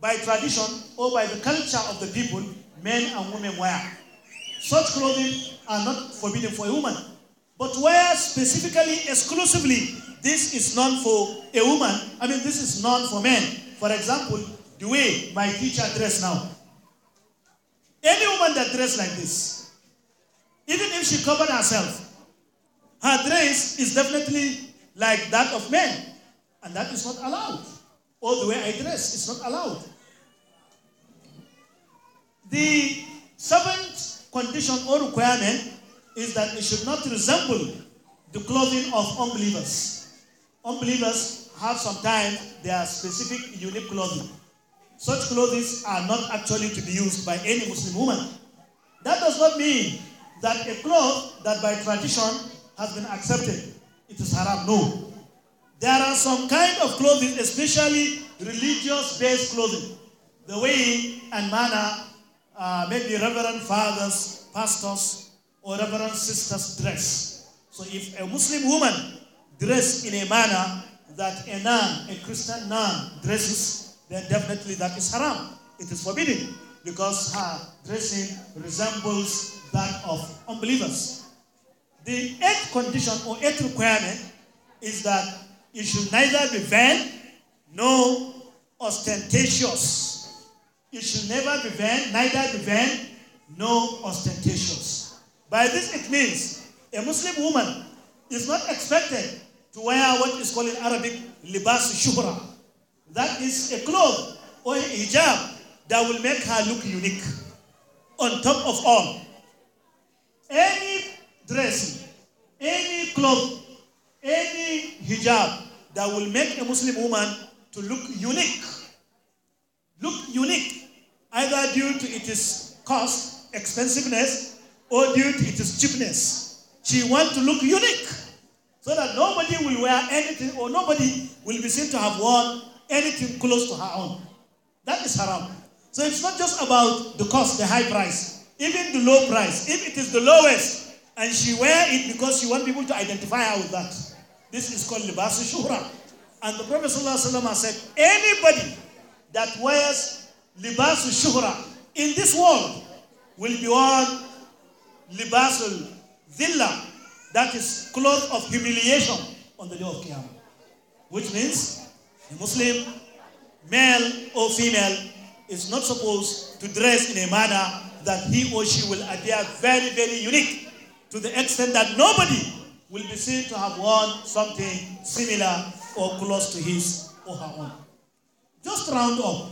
Speaker 1: by tradition or by the culture of the people, men and women wear. Such clothing are not forbidden for a woman. But where specifically, exclusively, this is not for a woman, I mean, this is not for men. For example, the way my teacher dress now, any woman that dress like this, even if she covered herself, her dress is definitely like that of men. And that is not allowed. Or the way I dress is not allowed. The seventh condition or requirement is that it should not resemble the clothing of unbelievers. Unbelievers have sometimes their specific unique clothing such clothes are not actually to be used by any Muslim woman. That does not mean that a cloth that by tradition has been accepted, it is haram. No. There are some kind of clothing, especially religious-based clothing, the way and manner uh, maybe reverend fathers, pastors, or reverend sisters dress. So if a Muslim woman dress in a manner that a nun, a Christian nun dresses, then definitely that is haram. It is forbidden because her dressing resembles that of unbelievers. The eighth condition or eighth requirement is that you should neither be vain nor ostentatious. You should never be vain, neither be vain nor ostentatious. By this, it means a Muslim woman is not expected to wear what is called in Arabic libas shuhra, that is a cloth or a hijab that will make her look unique. On top of all, any dress, any cloth, any hijab that will make a Muslim woman to look unique. Look unique, either due to its cost, expensiveness, or due to its cheapness. She wants to look unique so that nobody will wear anything or nobody will be seen to have worn anything close to her own. That is haram. So it's not just about the cost, the high price, even the low price. If it is the lowest and she wear it because she want people to identify her with that, this is called libas shura. And the Prophet ﷺ has said, anybody that wears libas shura in this world will be worn libasul dhilla, that is cloth of humiliation on the day of Qiyamah. Which means a Muslim, male or female, is not supposed to dress in a manner that he or she will appear very, very unique to the extent that nobody will be seen to have worn something similar or close to his or her own. Just round up,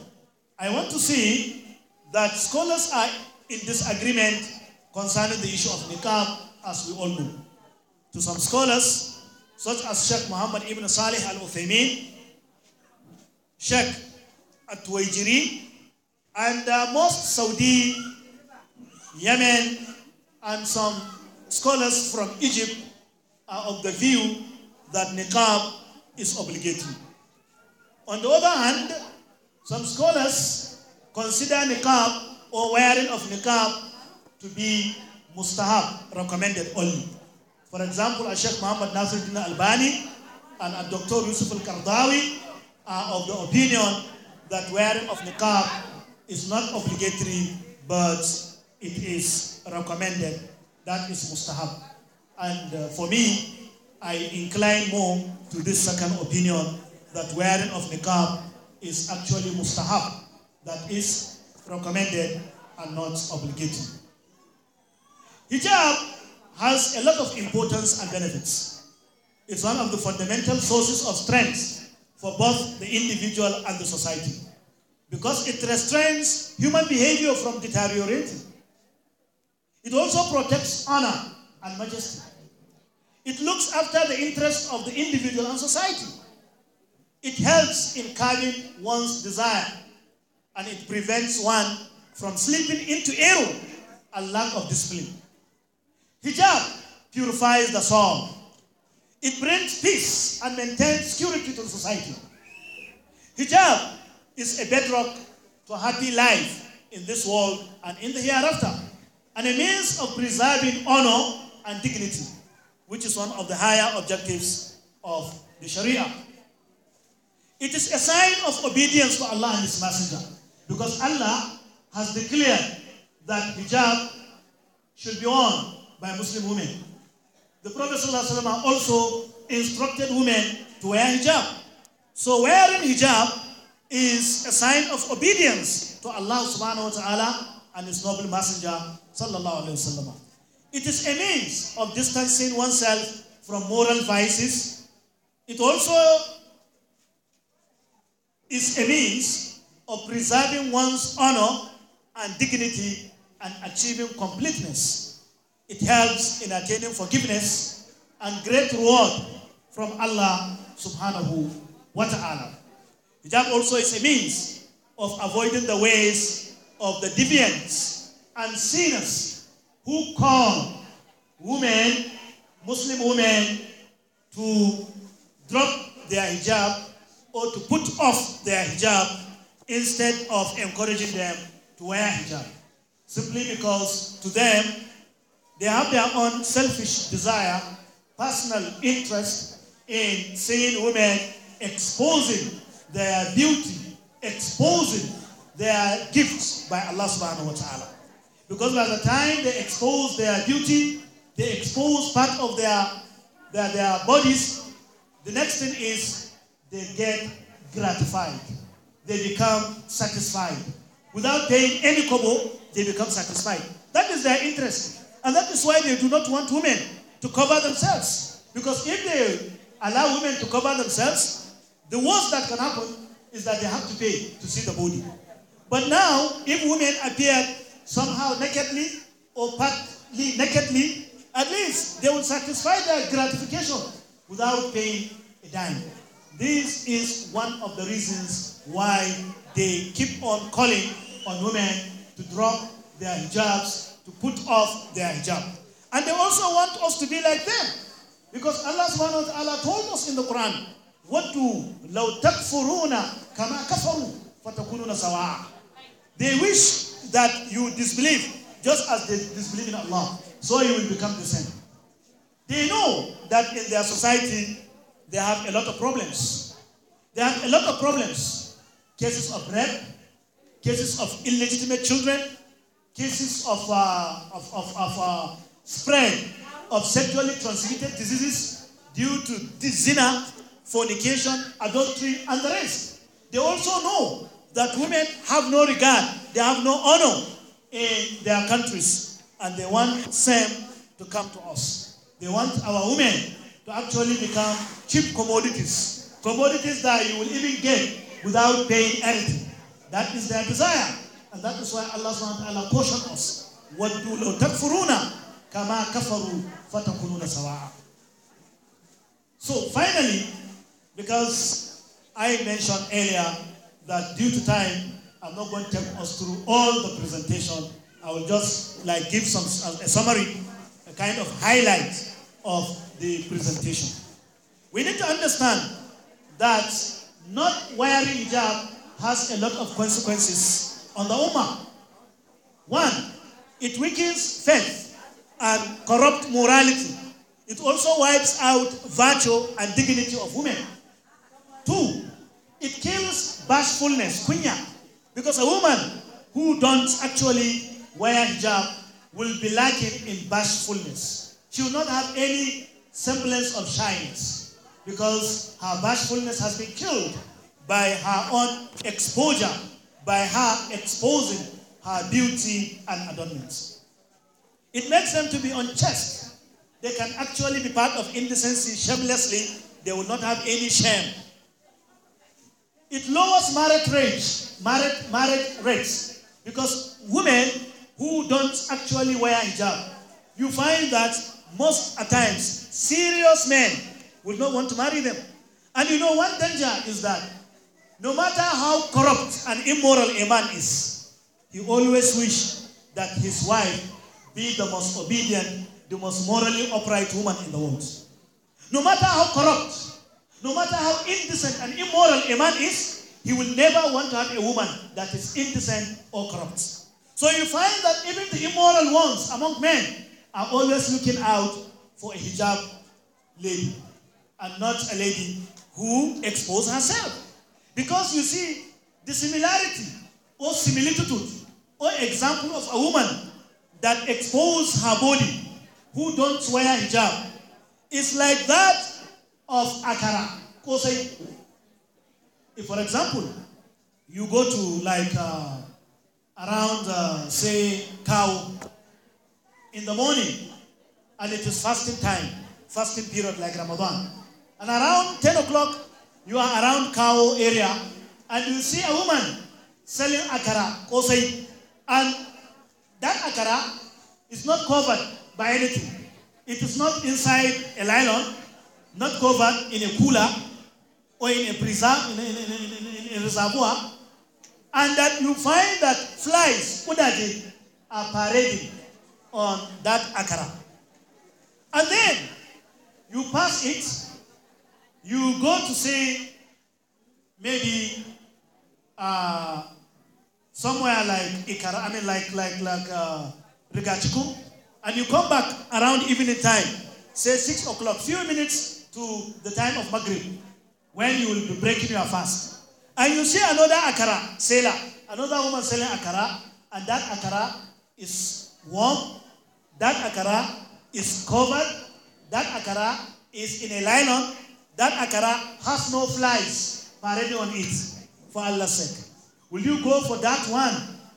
Speaker 1: I want to see that scholars are in disagreement concerning the issue of niqab, as we all know. To some scholars, such as Sheikh Muhammad ibn Salih al Uthaymeen, Sheikh at Atwaijiri, and uh, most Saudi, Yemen, and some scholars from Egypt are of the view that niqab is obligatory. On the other hand, some scholars consider niqab or wearing of niqab to be mustahab, recommended only. For example, Sheikh Muhammad Nasruddin Al-Bani and Dr. Yusuf Al-Kardawi are of the opinion that wearing of niqab is not obligatory, but it is recommended. That is mustahab. And uh, for me, I incline more to this second opinion that wearing of niqab is actually mustahab, that is recommended and not obligatory. Hijab has a lot of importance and benefits. It's one of the fundamental sources of strength for both the individual and the society because it restrains human behavior from deteriorating. It also protects honor and majesty. It looks after the interests of the individual and society. It helps in calming one's desire and it prevents one from slipping into error and lack of discipline. Hijab purifies the soul it brings peace and maintains security to society. Hijab is a bedrock to a happy life in this world and in the hereafter, and a means of preserving honor and dignity, which is one of the higher objectives of the Sharia. It is a sign of obedience to Allah and His Messenger, because Allah has declared that hijab should be worn by Muslim women. The Prophet ﷺ also instructed women to wear hijab. So wearing hijab is a sign of obedience to Allah subhanahu wa ta'ala and his noble messenger sallallahu alayhi wasallam. It is a means of distancing oneself from moral vices. It also is a means of preserving one's honor and dignity and achieving completeness. It helps in attaining forgiveness and great reward from Allah subhanahu wa ta'ala. Hijab also is a means of avoiding the ways of the deviants and sinners who call women, Muslim women, to drop their hijab or to put off their hijab instead of encouraging them to wear hijab. Simply because to them, they have their own selfish desire, personal interest in seeing women exposing their beauty, exposing their gifts by Allah subhanahu wa ta'ala. Because by the time they expose their beauty, they expose part of their, their, their bodies, the next thing is they get gratified. They become satisfied. Without paying any kobo, they become satisfied. That is their interest. And that is why they do not want women to cover themselves. Because if they allow women to cover themselves, the worst that can happen is that they have to pay to see the body. But now, if women appear somehow nakedly or partly nakedly, at least they will satisfy their gratification without paying a dime. This is one of the reasons why they keep on calling on women to drop their jobs to put off their hijab. And they also want us to be like them. Because Allah subhanahu wa ta'ala told us in the Quran, do لَوْ takfuruna kama كَفَرُوا فَتَكُونُونَ سَوَاءً They wish that you disbelieve just as they disbelieve in Allah. So you will become the same. They know that in their society they have a lot of problems. They have a lot of problems. Cases of rape, cases of illegitimate children, cases of, uh, of, of, of uh, spread of sexually transmitted diseases due to zina, fornication, adultery, and the rest. They also know that women have no regard, they have no honor in their countries, and they want same to come to us. They want our women to actually become cheap commodities, commodities that you will even get without paying anything. That is their desire. And that is why Allah subhanahu wa ta'ala cautioned us. وَدُّوا لَوْ تَكْفُرُونَ كَمَا كَفَرُوا فَتَكُونُونَ سَوَاءً So finally, because I mentioned earlier that due to time, I'm not going to take us through all the presentation. I will just like give some a summary, a kind of highlight of the presentation. We need to understand that not wearing hijab has a lot of consequences on the Ummah. One, it weakens faith and corrupt morality. It also wipes out virtue and dignity of women. Two, it kills bashfulness, kunya, because a woman who don't actually wear hijab will be lacking in bashfulness. She will not have any semblance of shyness because her bashfulness has been killed by her own exposure by her exposing her beauty and adornment. It makes them to be unchaste. They can actually be part of indecency shamelessly. They will not have any shame. It lowers marriage rates, marriage, marriage rates, because women who don't actually wear hijab, you find that most at times serious men would not want to marry them. And you know, one danger is that no matter how corrupt and immoral a man is, he always wishes that his wife be the most obedient, the most morally upright woman in the world. No matter how corrupt, no matter how indecent and immoral a man is, he will never want to have a woman that is indecent or corrupt. So you find that even the immoral ones among men are always looking out for a hijab lady and not a lady who exposes herself. Because you see, the similarity or similitude or example of a woman that exposes her body who don't wear hijab is like that of akara, kosai. If, for example, you go to like uh, around, uh, say, cow in the morning, and it is fasting time, fasting period like Ramadan, and around 10 o'clock, you are around Kao area and you see a woman selling akara, kosei, and that akara is not covered by anything. It is not inside a nylon, not covered in a cooler or in a preserve, in a, in a, in a reservoir, and that you find that flies, udadi, are parading on that akara. And then you pass it you go to say maybe uh, somewhere like Ikara, I mean like like like uh, Rigachiku, and you come back around evening time, say six o'clock, few minutes to the time of Maghrib, when you will be breaking your fast, and you see another Akara seller, another woman selling Akara, and that Akara is warm, that Akara is covered, that Akara is in a nylon, that akara has no flies parade on it, for Allah's sake. Will you go for that one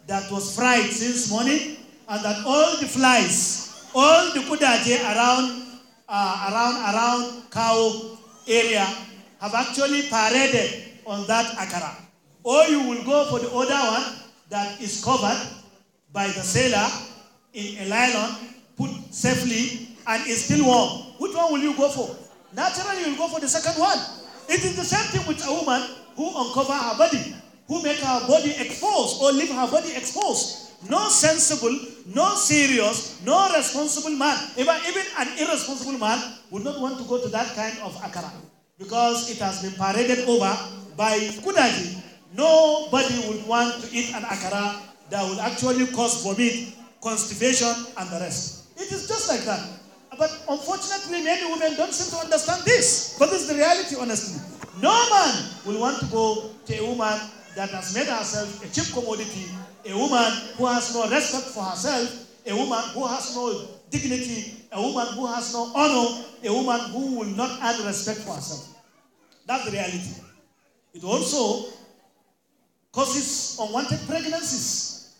Speaker 1: that was fried since morning and that all the flies, all the kudaje around, uh, around, around cow area have actually paraded on that akara? Or you will go for the other one that is covered by the sailor in a nylon, put safely, and is still warm. Which one will you go for? naturally you'll go for the second one. It is the same thing with a woman who uncover her body, who make her body exposed or leave her body exposed. No sensible, no serious, no responsible man, even, even an irresponsible man, would not want to go to that kind of akara because it has been paraded over by kudaji. Nobody would want to eat an akara that will actually cause vomit, constipation, and the rest. It is just like that but unfortunately, many women don't seem to understand this. But this is the reality, honestly. No man will want to go to a woman that has made herself a cheap commodity, a woman who has no respect for herself, a woman who has no dignity, a woman who has no honor, a woman who will not earn respect for herself. That's the reality. It also causes unwanted pregnancies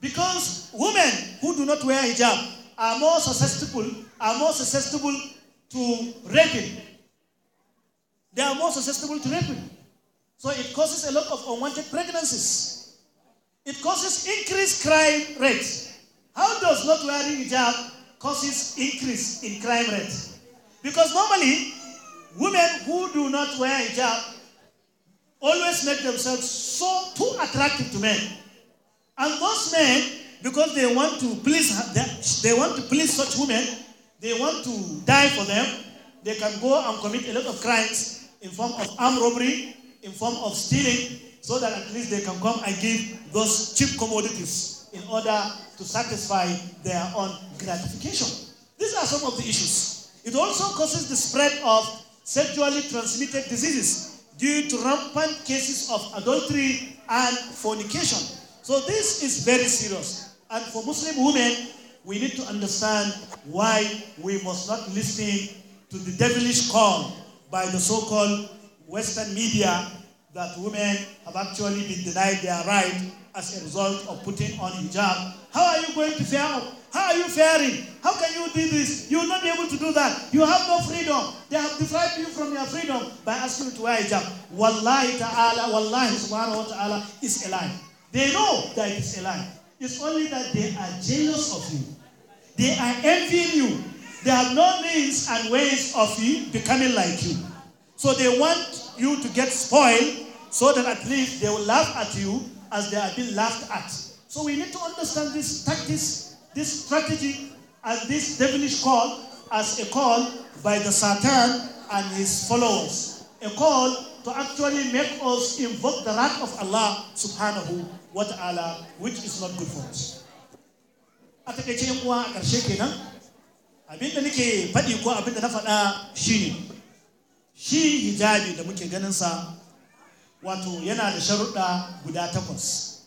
Speaker 1: because women who do not wear hijab are more susceptible, are more susceptible to raping. They are more susceptible to raping. So it causes a lot of unwanted pregnancies. It causes increased crime rate. How does not wearing hijab causes increase in crime rate? Because normally, women who do not wear hijab always make themselves so too attractive to men. And those men because they want to please them, they want to please such women, they want to die for them, they can go and commit a lot of crimes in form of armed robbery, in form of stealing, so that at least they can come and give those cheap commodities in order to satisfy their own gratification. These are some of the issues. It also causes the spread of sexually transmitted diseases due to rampant cases of adultery and fornication. So this is very serious. And for Muslim women, we need to understand why we must not listen to the devilish call by the so called Western media that women have actually been denied their right as a result of putting on hijab. How are you going to fare How are you faring? How can you do this? You will not be able to do that. You have no freedom. They have deprived you from your freedom by asking you to wear hijab. Wallahi ta'ala, wallahi subhanahu wa ta'ala is a lie. They know that it is a lie. It's only that they are jealous of you. They are envying you. There are no means and ways of you becoming like you. So they want you to get spoiled so that at least they will laugh at you as they are being laughed at. So we need to understand this tactics, this strategy, and this devilish call as a call by the Satan and his followers. A call to actually make us invoke the wrath of Allah subhanahu wa ta'ala which is not good for us a takaice yan uwa a ƙarshe kenan abinda nake faɗi ko abin da na faɗa shine shi hijabi da muke ganin sa wato yana da sharuɗa guda takwas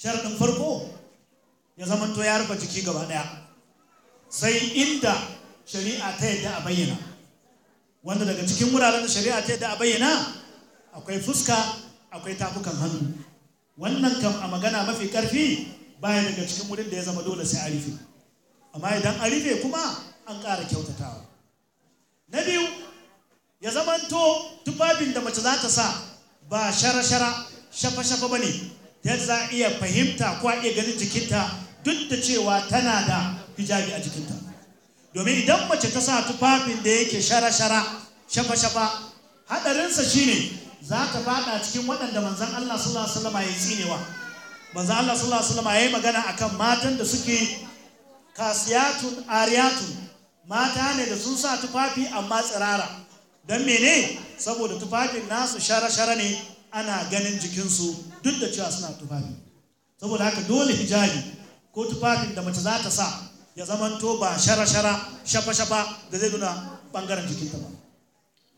Speaker 1: sharaɗin farko ya zamanto ya rufe jiki gaba ɗaya sai inda shari'a ta yadda a bayyana wanda daga cikin wuraren da shari'a ta yadda a bayyana akwai fuska akwai tafukan hannu wannan kam a magana mafi karfi baya daga cikin wurin da ya zama dole sai a rufe amma idan a rufe kuma an ƙara kyautatawa na biyu ya zamanto tufafin da mace za ta sa ba shara-shara shafa-shafa ba ne ta za a iya fahimta ko a iya ganin jikinta duk da cewa tana da hijabi a jikinta domin idan mace ta sa tufafin da yake shara-shara shafa-shafa haɗarinsa shine za ta fada cikin waɗanda manzan Allah sallallahu alaihi wasallam ya tsinewa manzan Allah sallallahu alaihi wasallam ya yi magana akan matan da suke kasiyatun ariyatun mata ne da sun sa tufafi amma tsirara don mene saboda tufafin nasu shara-shara ne ana ganin jikinsu duk da cewa suna tufafi saboda haka dole hijabi ko tufafin da mace za ta sa ya zamanto ba shara-shara shafa-shafa da zai nuna bangaren jikinta ba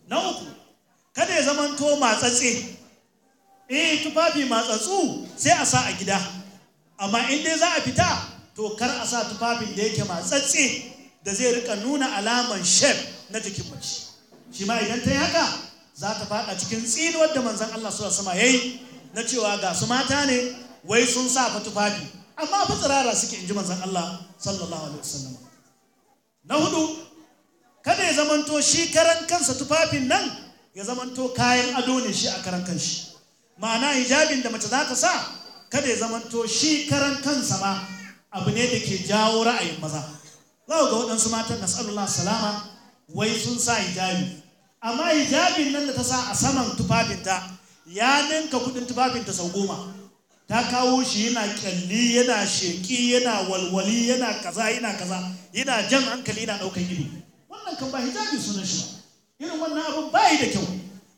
Speaker 1: na uku kada ya zamanto matsatse eh tufafi matsatsu sai a sa a gida amma in dai za a fita to kar a sa tufafin da yake matsatse da zai rika nuna alaman shef na jikin mace shi ma idan ta yi haka za ta faɗa cikin tsinuwar da manzon Allah su sama ya yi na cewa ga su mata ne wai sun sa fa tufafi amma fa tsirara suke in ji manzon Allah sallallahu alaihi wasallam na hudu kada ya zamanto shi karan kansa tufafin nan ya zamanto kayan ado ne shi a karan kanshi ma'ana hijabin da mace za ta sa kada ya zamanto shi karan kansa ma abu ne da ke jawo ra'ayin maza za ga waɗansu matan na sallallahu salama wai sun sa hijabi amma hijabin nan da ta sa a saman tufafinta ya ninka kuɗin tufafinta sau goma ta kawo shi yana kyalli yana sheƙi, yana walwali yana kaza yana kaza yana jan hankali yana ɗaukar ido wannan kan ba hijabi sunan shi ba irin wannan abu bai da kyau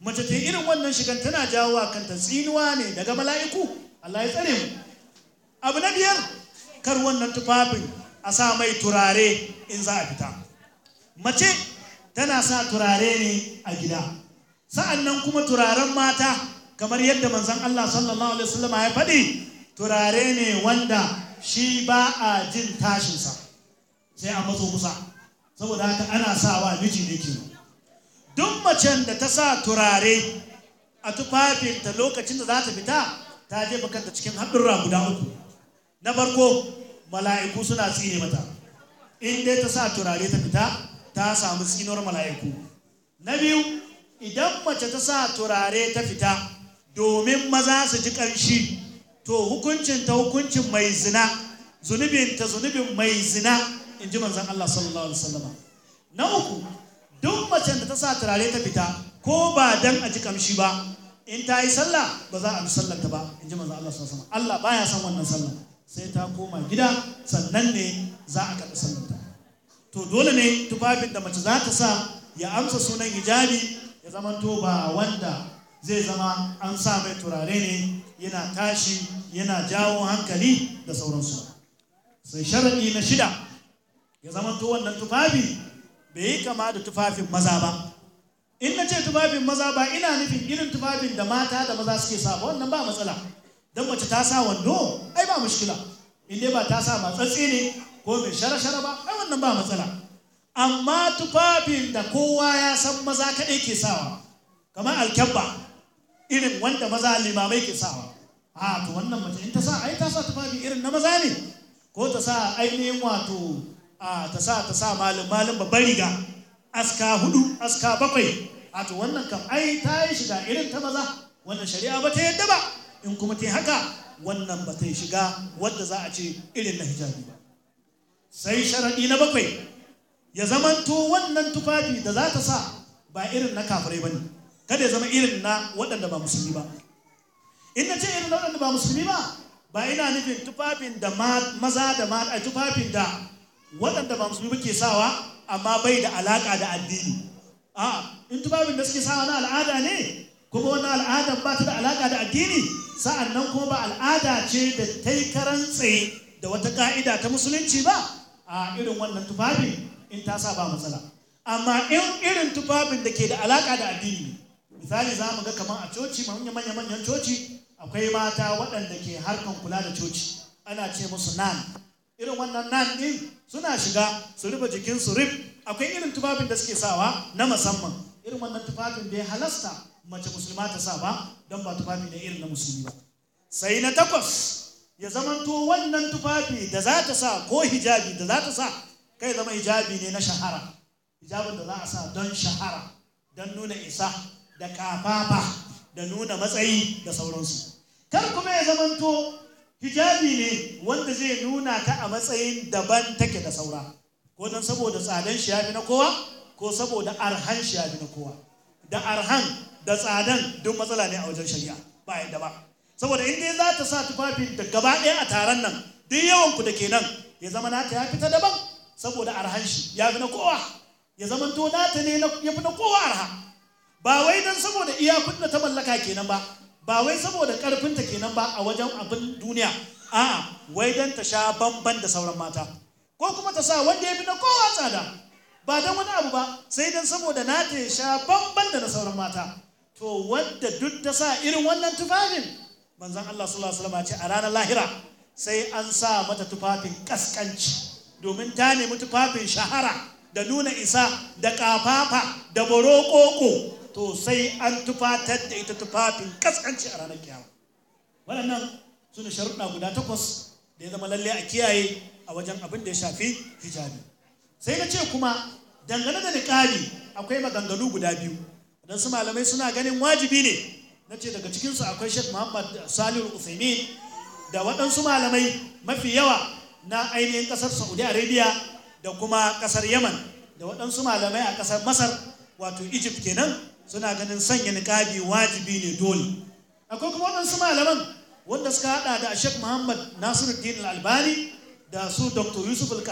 Speaker 1: mace ta irin wannan shigan tana jawo kanta tsinuwa ne daga mala'iku Allah ya tsare mu abu na biyar kar wannan tufafin a sa mai turare in za a fita mace tana sa turare ne a gida sa'an nan kuma turaren mata kamar yadda manzon Allah sallallahu alaihi wasallam ya faɗi turare ne wanda shi ba a jin tashinsa sai a matso kusa saboda haka ana sawa miji ne kenan duk macen da ta sa turare a tufafinta lokacin da za ta fita ta jefa kanta cikin haɗurra guda uku na farko mala'iku suna tsine mata in dai ta sa turare ta fita ta samu tsinuwar mala'iku na biyu idan mace ta sa turare ta fita domin maza su ji ƙanshi to hukuncin ta hukuncin mai zina zunubin ta zunubin mai zina in ji manzan Allah sallallahu alaihi wasallama na uku duk macen da ta sa turare ta fita ko ba dan a ji kamshi ba in ta yi sallah ba za a bi sallar ta ba in ji manzo Allah sallallahu alaihi Allah baya san wannan sallah sai ta koma gida sannan ne za a karɓi sallar ta to dole ne tufafin da mace za ta sa ya amsa sunan hijabi ya zama to ba wanda zai zama an sa mai turare ne yana tashi yana jawo hankali da sauransu sai sharaɗi na shida ya zama to wannan tufafi bai yi kama da tufafin maza ba in na ce tufafin maza ba ina nufin irin tufafin da mata da maza suke sa wannan ba matsala don mace ta sa wando ai ba mushkila in dai ba ta sa matsatsi ne ko mai shara-shara ba ai wannan ba matsala amma tufafin da kowa ya san maza kaɗai ke sawa kamar alkyabba irin wanda maza limamai ke sawa a to wannan mace in ta sa ai ta sa tufafi irin na maza ne ko ta sa ainihin wato a ta sa ta sa malin malin babban riga aska hudu aska bakwai wato wannan kam ai ta yi shiga irin ta maza wannan shari'a ba ta yadda ba in kuma ta haka wannan ba ta shiga wadda za a ce irin na hijabi ba sai sharaɗi na bakwai ya zamanto wannan tufafi da za ta sa ba irin na kafirai ba ne kada ya zama irin na waɗanda ba musulmi ba in na ce irin na waɗanda ba musulmi ba ba ina nufin tufafin da maza da mata tufafin da waɗanda ba musulmi ke sawa amma bai da alaƙa da addini a in tubabin da suke sawa na al'ada ne kuma wannan al'ada ba ta da alaƙa da addini sa'an nan kuma ba al'ada ce da ta yi karantse da wata ƙa'ida ta musulunci ba a irin wannan tufafin in ta sa ba matsala amma in irin tufafin da ke da alaƙa da addini misali za mu ga kamar a coci manya-manyan coci akwai mata waɗanda ke harkan kula da coci ana ce musu nan irin wannan nan din suna shiga su rufe jikin su rib akwai irin tufafin da suke sawa na musamman irin wannan tufafin bai halasta mace musulma ta sa ba don ba tufafi ne irin na musulmi ba sai na takwas ya zamanto wannan tufafi da za ta sa ko hijabi da za ta sa kai zama hijabi ne na shahara hijabin da za a sa don shahara don nuna isa da kafafa da nuna matsayi da sauransu kar kuma ya zamanto hijabi ne wanda zai nuna ta a matsayin daban take da saura ko don saboda tsadan shi yafi na kowa ko saboda arhan shi yafi na kowa da arhan da tsadan duk matsala ne a wajen shari'a ba yadda ba saboda in dai za ta sa tufafin da gaba ɗaya a taron nan duk yawan ku da ke nan ya zama nata ya fita daban saboda arhan shi ya fi na kowa ya zama to nata ne ya fi na kowa arha ba wai don saboda iyakun da ta mallaka kenan ba ba wai saboda karfinta kenan ba a wajen abin duniya a wai don ta sha bamban da sauran mata ko kuma ta sa wanda ya fi na kowa tsada ba don wani abu ba sai dan saboda na ta sha bamban da na sauran mata to wadda duk ta sa irin wannan tufafin manzon Allah sallallahu alaihi wasallam ce a ranar lahira sai an sa mata tufafin kaskanci domin ta nemi tufafin shahara da nuna isa da kafafa da borokoko to sai an tufatar da ita tufafin kaskanci a ranar kiyama waɗannan su ne sharuɗa guda takwas da ya zama lalle a kiyaye a wajen abin da ya shafi hijabi sai na ce kuma dangane da niƙali akwai maganganu guda biyu don su malamai suna ganin wajibi ne na ce daga cikinsu akwai shek muhammad salihu usaini da waɗansu malamai mafi yawa na ainihin ƙasar saudi arabia da kuma ƙasar yaman da waɗansu malamai a ƙasar masar wato egypt kenan suna ganin sanya niƙabi wajibi ne dole akwai kuma waɗansu malaman wanda suka haɗa da ashek Muhammad Nasiru Al-Albani da su Dr. Yusuf al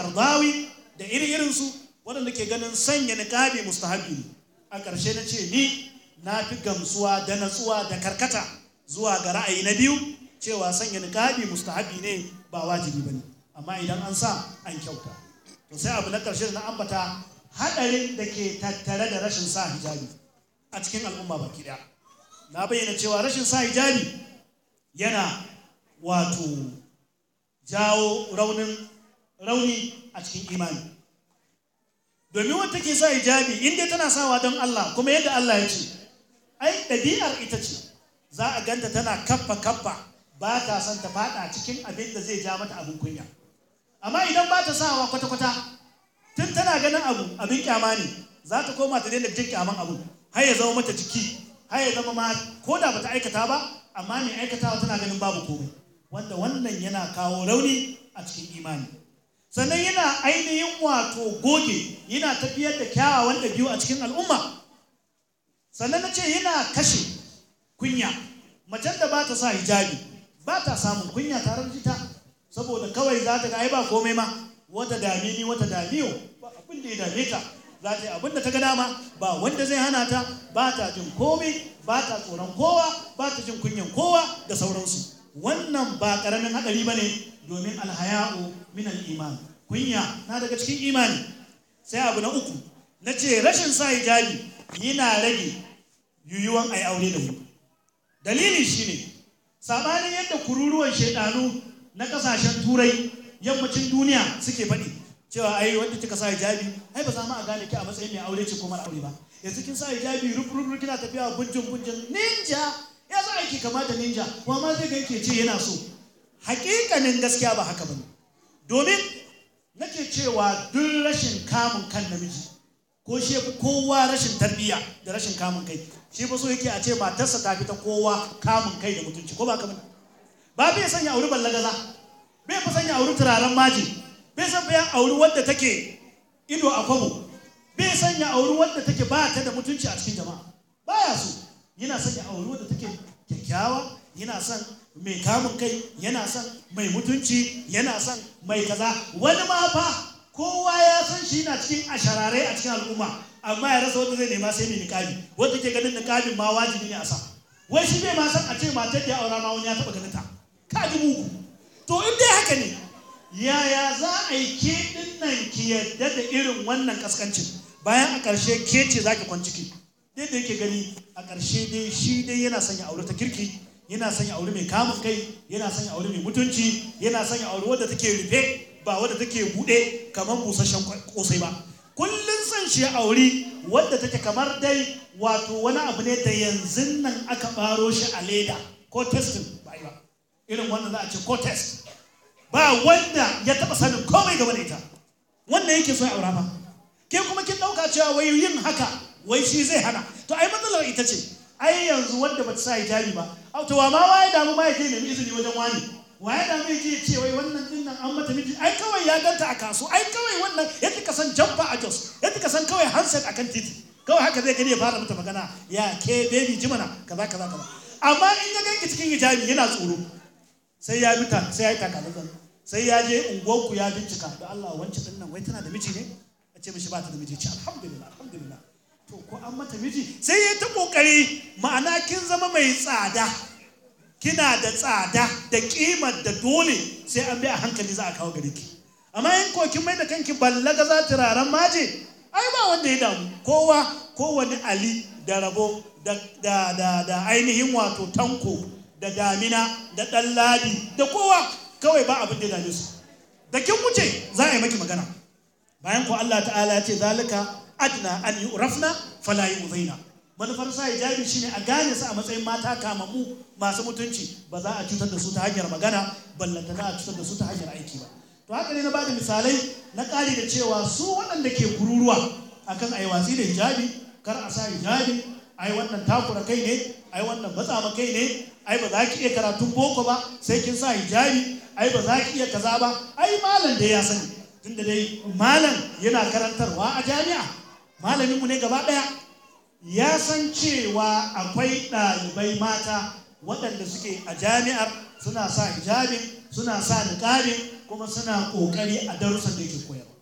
Speaker 1: da iri irinsu waɗanda ke ganin sanya niƙabi mustahabi ne a ƙarshe na ce ni na fi gamsuwa da natsuwa da karkata zuwa ga ra'ayi na biyu cewa sanya niƙabi mustahabi ne ba wajibi ba ne amma idan an sa an kyauta to sai abu na ƙarshe na ambata haɗarin da ke tattare da rashin sa hijabi a cikin al'umma baki daya na bayyana cewa rashin sa hijabi yana wato jawo raunin rauni a cikin imani domin wata ke sa hijabi in tana sawa don Allah kuma yadda Allah ya ce ai ɗabi'ar ita ce za a ganta tana kaffa kaffa ba ta son ta faɗa cikin abin da zai ja mata abin kunya amma idan ba ta sawa kwata-kwata tun tana ganin abu abin kyama ne za ta koma ta daina jin kyaman abu har ya zama mata jiki har ya zama ma ko da bata aikata ba amma mai aikatawa tana ganin babu komai wanda wannan yana kawo rauni a cikin imani sannan yana ainihin wato goge yana tafiyar da kyawawan ɗabi'u a cikin al'umma sannan na ce yana kashe kunya macen da ba ta sa hijabi ba ta samun kunya tare da ita saboda kawai za ta ga ai ba komai ma wata dami ni wata damiyo ba abin da ya dame ta za ta yi abin da ta ga dama ba wanda zai hana ta ba ta jin komai ba ta tsoron kowa ba ta jin kunyan kowa da sauransu wannan ba karamin hadari ba ne domin alhaya'u min al-iman kunya na daga cikin imani sai abu na uku na ce rashin sa hijabi yana rage yuyuwan ai aure da mu dalili shine sabanin yadda kururuwan shedanu na kasashen turai yammacin duniya suke faɗi cewa ai wanda kika sa hijabi ai ba za mu a gane ki a matsayin mai aure ce ko mara aure ba yanzu kin sa hijabi rub rub kina tafiya gunjin gunjin ninja ya za aiki kama da ninja kuma ma zai ke ce yana so hakikanin gaskiya ba haka bane domin nake cewa duk rashin kamun kan namiji ko shi kowa rashin tarbiya da rashin kamun kai shi ba so yake a ce matarsa ta fi ta kowa kamun kai da mutunci ko ba ka bane ba bai sanya auri ballagaza bai fa sanya auri turaren maji bai san ya auri wadda take ido a kwabo bai san ya auri wadda take ba ta da mutunci a cikin jama'a baya so yana son ya auri wadda take kyakkyawa yana son mai kamun kai yana son mai mutunci yana son mai kaza wani ma fa kowa ya san shi yana cikin asharare a cikin al'umma amma ya rasa wanda zai nema sai mai niƙabi wanda ke ganin niƙabin ma wajibi ne a sa wai shi bai ma san a ce matar da ya aura ma wani ya taba ganin ta ka ji muku to in dai haka ne yaya za a yi ke nan ki yadda da irin wannan kaskancin bayan a ƙarshe ke ce za ki kwanciki da yake gani a ƙarshe dai shi dai yana sanya aure ta kirki yana sanya aure mai kamun kai yana sanya aure mai mutunci yana sanya aure wadda take rufe ba wadda take buɗe kamar busasshen kosai ba kullum san shi aure wadda take kamar dai wato wani abu ne da yanzu nan aka baro shi a leda ko testin ba irin wannan za a ce ko test ba wanda ya taɓa sanin komai game da ita Wanda yake so ya aura ba ke kuma kin ɗauka cewa wai yin haka wai shi zai hana to ai matsalar ita ce ai yanzu wanda bata sa hijabi ba to wa ma waye damu ma yake nemi izini wajen wani waye damu yake ce wai wannan din nan an mata miji ai kawai ya ganta a kaso ai kawai wannan yadda ka san jamfa a jos yadda ka san kawai handset akan titi kawai haka zai gani ya fara mata magana ya ke baby jimana kaza kaza kaza amma in ya ganki cikin hijabi yana tsoro sai ya bi sai ya yi takazazan sai ya je unguwarku ya bincika da Allah wancan din nan wai tana da miji ne a ce mishi ba ta da miji ce alhamdulillah alhamdulillah to ko an mata miji sai ya ta kokari ma'ana kin zama mai tsada kina da tsada da kimar da dole sai an bi a hankali za a kawo gare ki amma in ko kin mai da kanki ballaga za raran maje ai ba wanda ya damu kowa kowane ali da rabo da da da ainihin wato tanko da damina da ɗanladi da kowa kawai ba abin da dame su da kin wuce za a yi maki magana bayan ko Allah ta'ala ya ce zalika adna an yu'rafna fala yu'zaina manufar sa hijabi shine a gane su a matsayin mata kamamu masu mutunci ba za a cutar da su ta hanyar magana ballanta za a cutar da su ta hanyar aiki ba to haka ne na bada misalai na ƙari da cewa su waɗanda ke kururuwa akan yi watsi da hijabi kar a sa hijabi yi wannan takura kai ne ai wannan matsa kai ne ai ba za ki iya karatun boko ba sai kin sa hijabi ai ba za ki iya kaza ba ai malam da ya sani tunda dai malam yana karantarwa a jami'a malamin mu ne gaba daya ya san cewa akwai ɗalibai mata waɗanda suke a jami'ar suna sa hijabin suna sa niqabin kuma suna kokari a darussan da yake koyarwa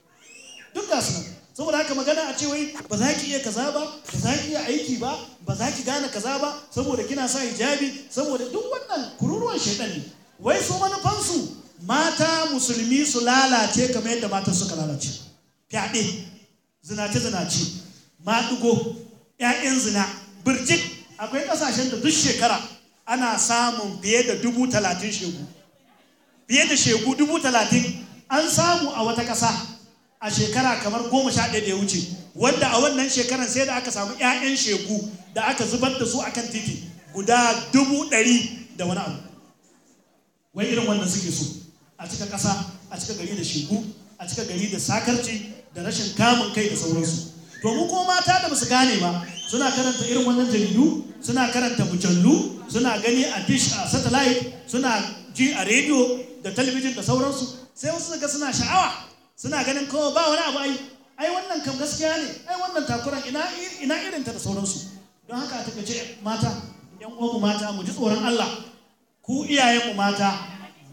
Speaker 1: duk da su saboda haka magana a ce wai ba za ki iya kaza ba ba za ki iya aiki ba ba za ki gane kaza ba saboda kina sa hijabi saboda duk wannan kururuwan shaidan ne wai su manufansu mata musulmi su lalace kamar yadda mata suka lalace fyaɗe zinace zinace maɗigo ƴaƴan zina birjik akwai ƙasashen da duk shekara ana samun fiye da dubu talatin shegu fiye da shegu dubu talatin an samu a wata ƙasa a shekara kamar goma sha ɗaya da ya wuce wanda a wannan shekaran sai da aka samu 'ya'yan sheku da aka zubar da su a kan titi guda dubu ɗari da wani abu wai irin wannan suke so a cika ƙasa a cika gari da sheku a cika gari da sakarci da rashin kamun kai da sauransu to mu ko mata da basu gane ba suna karanta irin wannan jaridu suna karanta mujallu suna gani a dish a satellite suna ji a rediyo da talabijin da sauransu sai wasu ga suna sha'awa suna ganin kawo ba wani abu ai ai wannan kam gaskiya ne ai wannan takuran ina ina irinta da sauransu don haka ta kace mata yan uwanmu mata mu ji tsoron Allah ku iyayenmu mata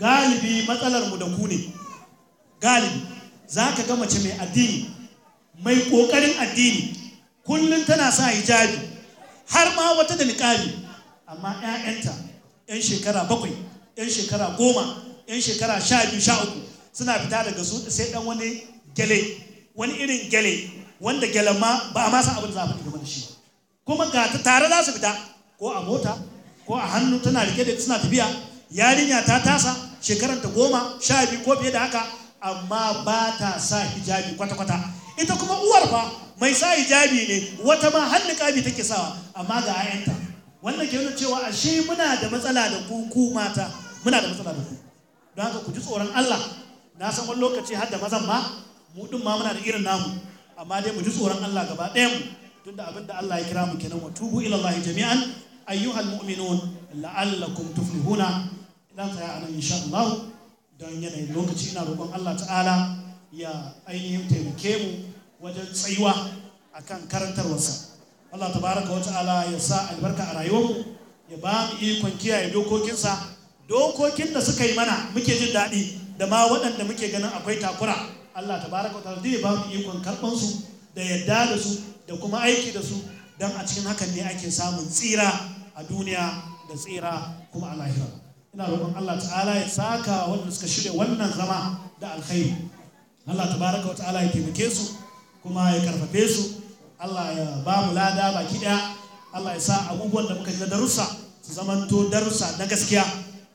Speaker 1: galibi matsalar mu da ku ne galibi zaka ga mace mai addini mai ƙoƙarin addini kullum tana sa hijabi har ma wata da niqabi amma 'ya'yanta 'yan shekara bakwai 'yan shekara goma 'yan shekara sha biyu sha uku suna fita daga su sai dan wani gele wani irin gele wanda gelen ma ba a ma san abin da za a faɗi game da shi kuma ga tare za su fita ko a mota ko a hannu tana rike da suna tafiya yarinya ta tasa shekaranta goma sha biyu ko fiye da haka amma ba ta sa hijabi kwata-kwata ita kuma uwar fa mai sa hijabi ne wata ma hannu kabi take sawa amma ga ayanta wannan ke nuna cewa ashe muna da matsala da ku ku mata muna da matsala da ku don haka ku ji tsoron Allah na san wani lokaci har da mazan ma mu din ma muna da irin namu amma dai mu ji tsoron Allah gaba ɗayan mu tunda abin da Allah ya kira mu kenan wa tubu ila Allah jami'an ayyuhal mu'minun la'allakum tuflihuna idan tsaya anan insha Allah don yanayin lokaci ina roƙon Allah ta'ala ya ainihin taimake mu wajen tsayuwa akan karantarwarsa Allah tabaraka wa ta'ala ya sa albarka a rayuwarmu ya ba mu ikon kiyaye dokokinsa dokokin da suka yi mana muke jin daɗi da ma waɗanda muke ganin akwai takura Allah ta baraka wa ta'ala zai ba mu ikon karɓan su da yadda da su da kuma aiki da su dan a cikin hakan ne ake samun tsira a duniya da tsira kuma a lahira ina roƙon Allah ta'ala ya saka wanda suka shirya wannan zama da alkhairi Allah ta baraka wa ta'ala ya taimake su kuma ya karfafe su Allah ya ba mu lada baki ɗaya Allah ya sa abubuwan da muka ji na darussa su zamanto darussa na gaskiya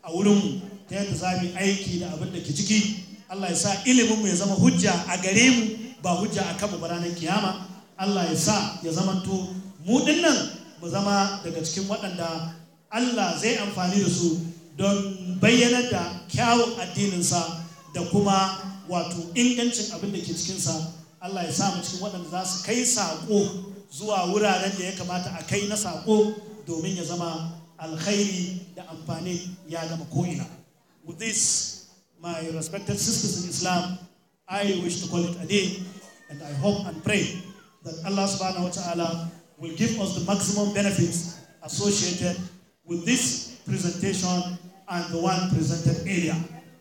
Speaker 1: a wurinmu ta yadda za mu aiki da abin da ke ciki Allah ya sa ilimin mu ya zama hujja a gare mu ba hujja a kanmu ba ranar kiyama Allah ya sa ya zamanto mu dinnan mu zama daga cikin waɗanda Allah zai amfani da su don bayyana da kyawun addininsa da kuma wato ingancin abin da ke cikinsa Allah ya sa mu cikin waɗanda za su kai sako zuwa wuraren da ya kamata a kai na sako domin ya zama alkhairi da amfani ya gama ko'ina. With this, my respected sisters in Islam, I wish to call it a day, and I hope and pray that Allah subhanahu wa ta'ala will give us the maximum benefits associated with this presentation and the one presented earlier.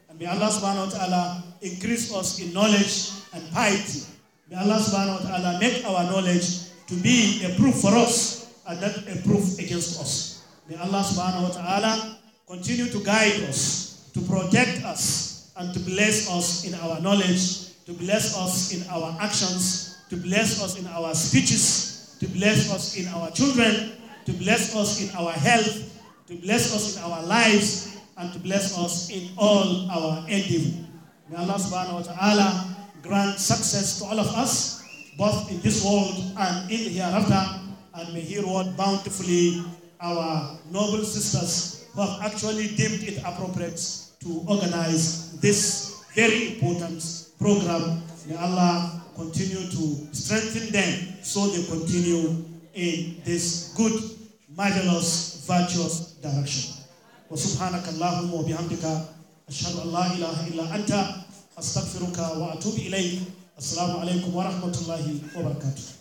Speaker 1: And may Allah subhanahu wa ta'ala increase us in knowledge and piety. May Allah subhanahu wa ta'ala make our knowledge to be a proof for us and not a proof against us. May Allah subhanahu wa ta'ala continue to guide us to protect us and to bless us in our knowledge, to bless us in our actions, to bless us in our speeches, to bless us in our children, to bless us in our health, to bless us in our lives, and to bless us in all our endeavours. May Allah subhanahu wa ta'ala grant success to all of us, both in this world and in the hereafter, and may He reward bountifully our noble sisters who have actually deemed it appropriate to organize this very important program. May Allah continue to strengthen them so they continue in this good, marvelous, virtuous direction. وسبحانك اللهم وبحمدك أشهد أن لا إله إلا أنت أستغفرك وأتوب إليك السلام عليكم ورحمة الله وبركاته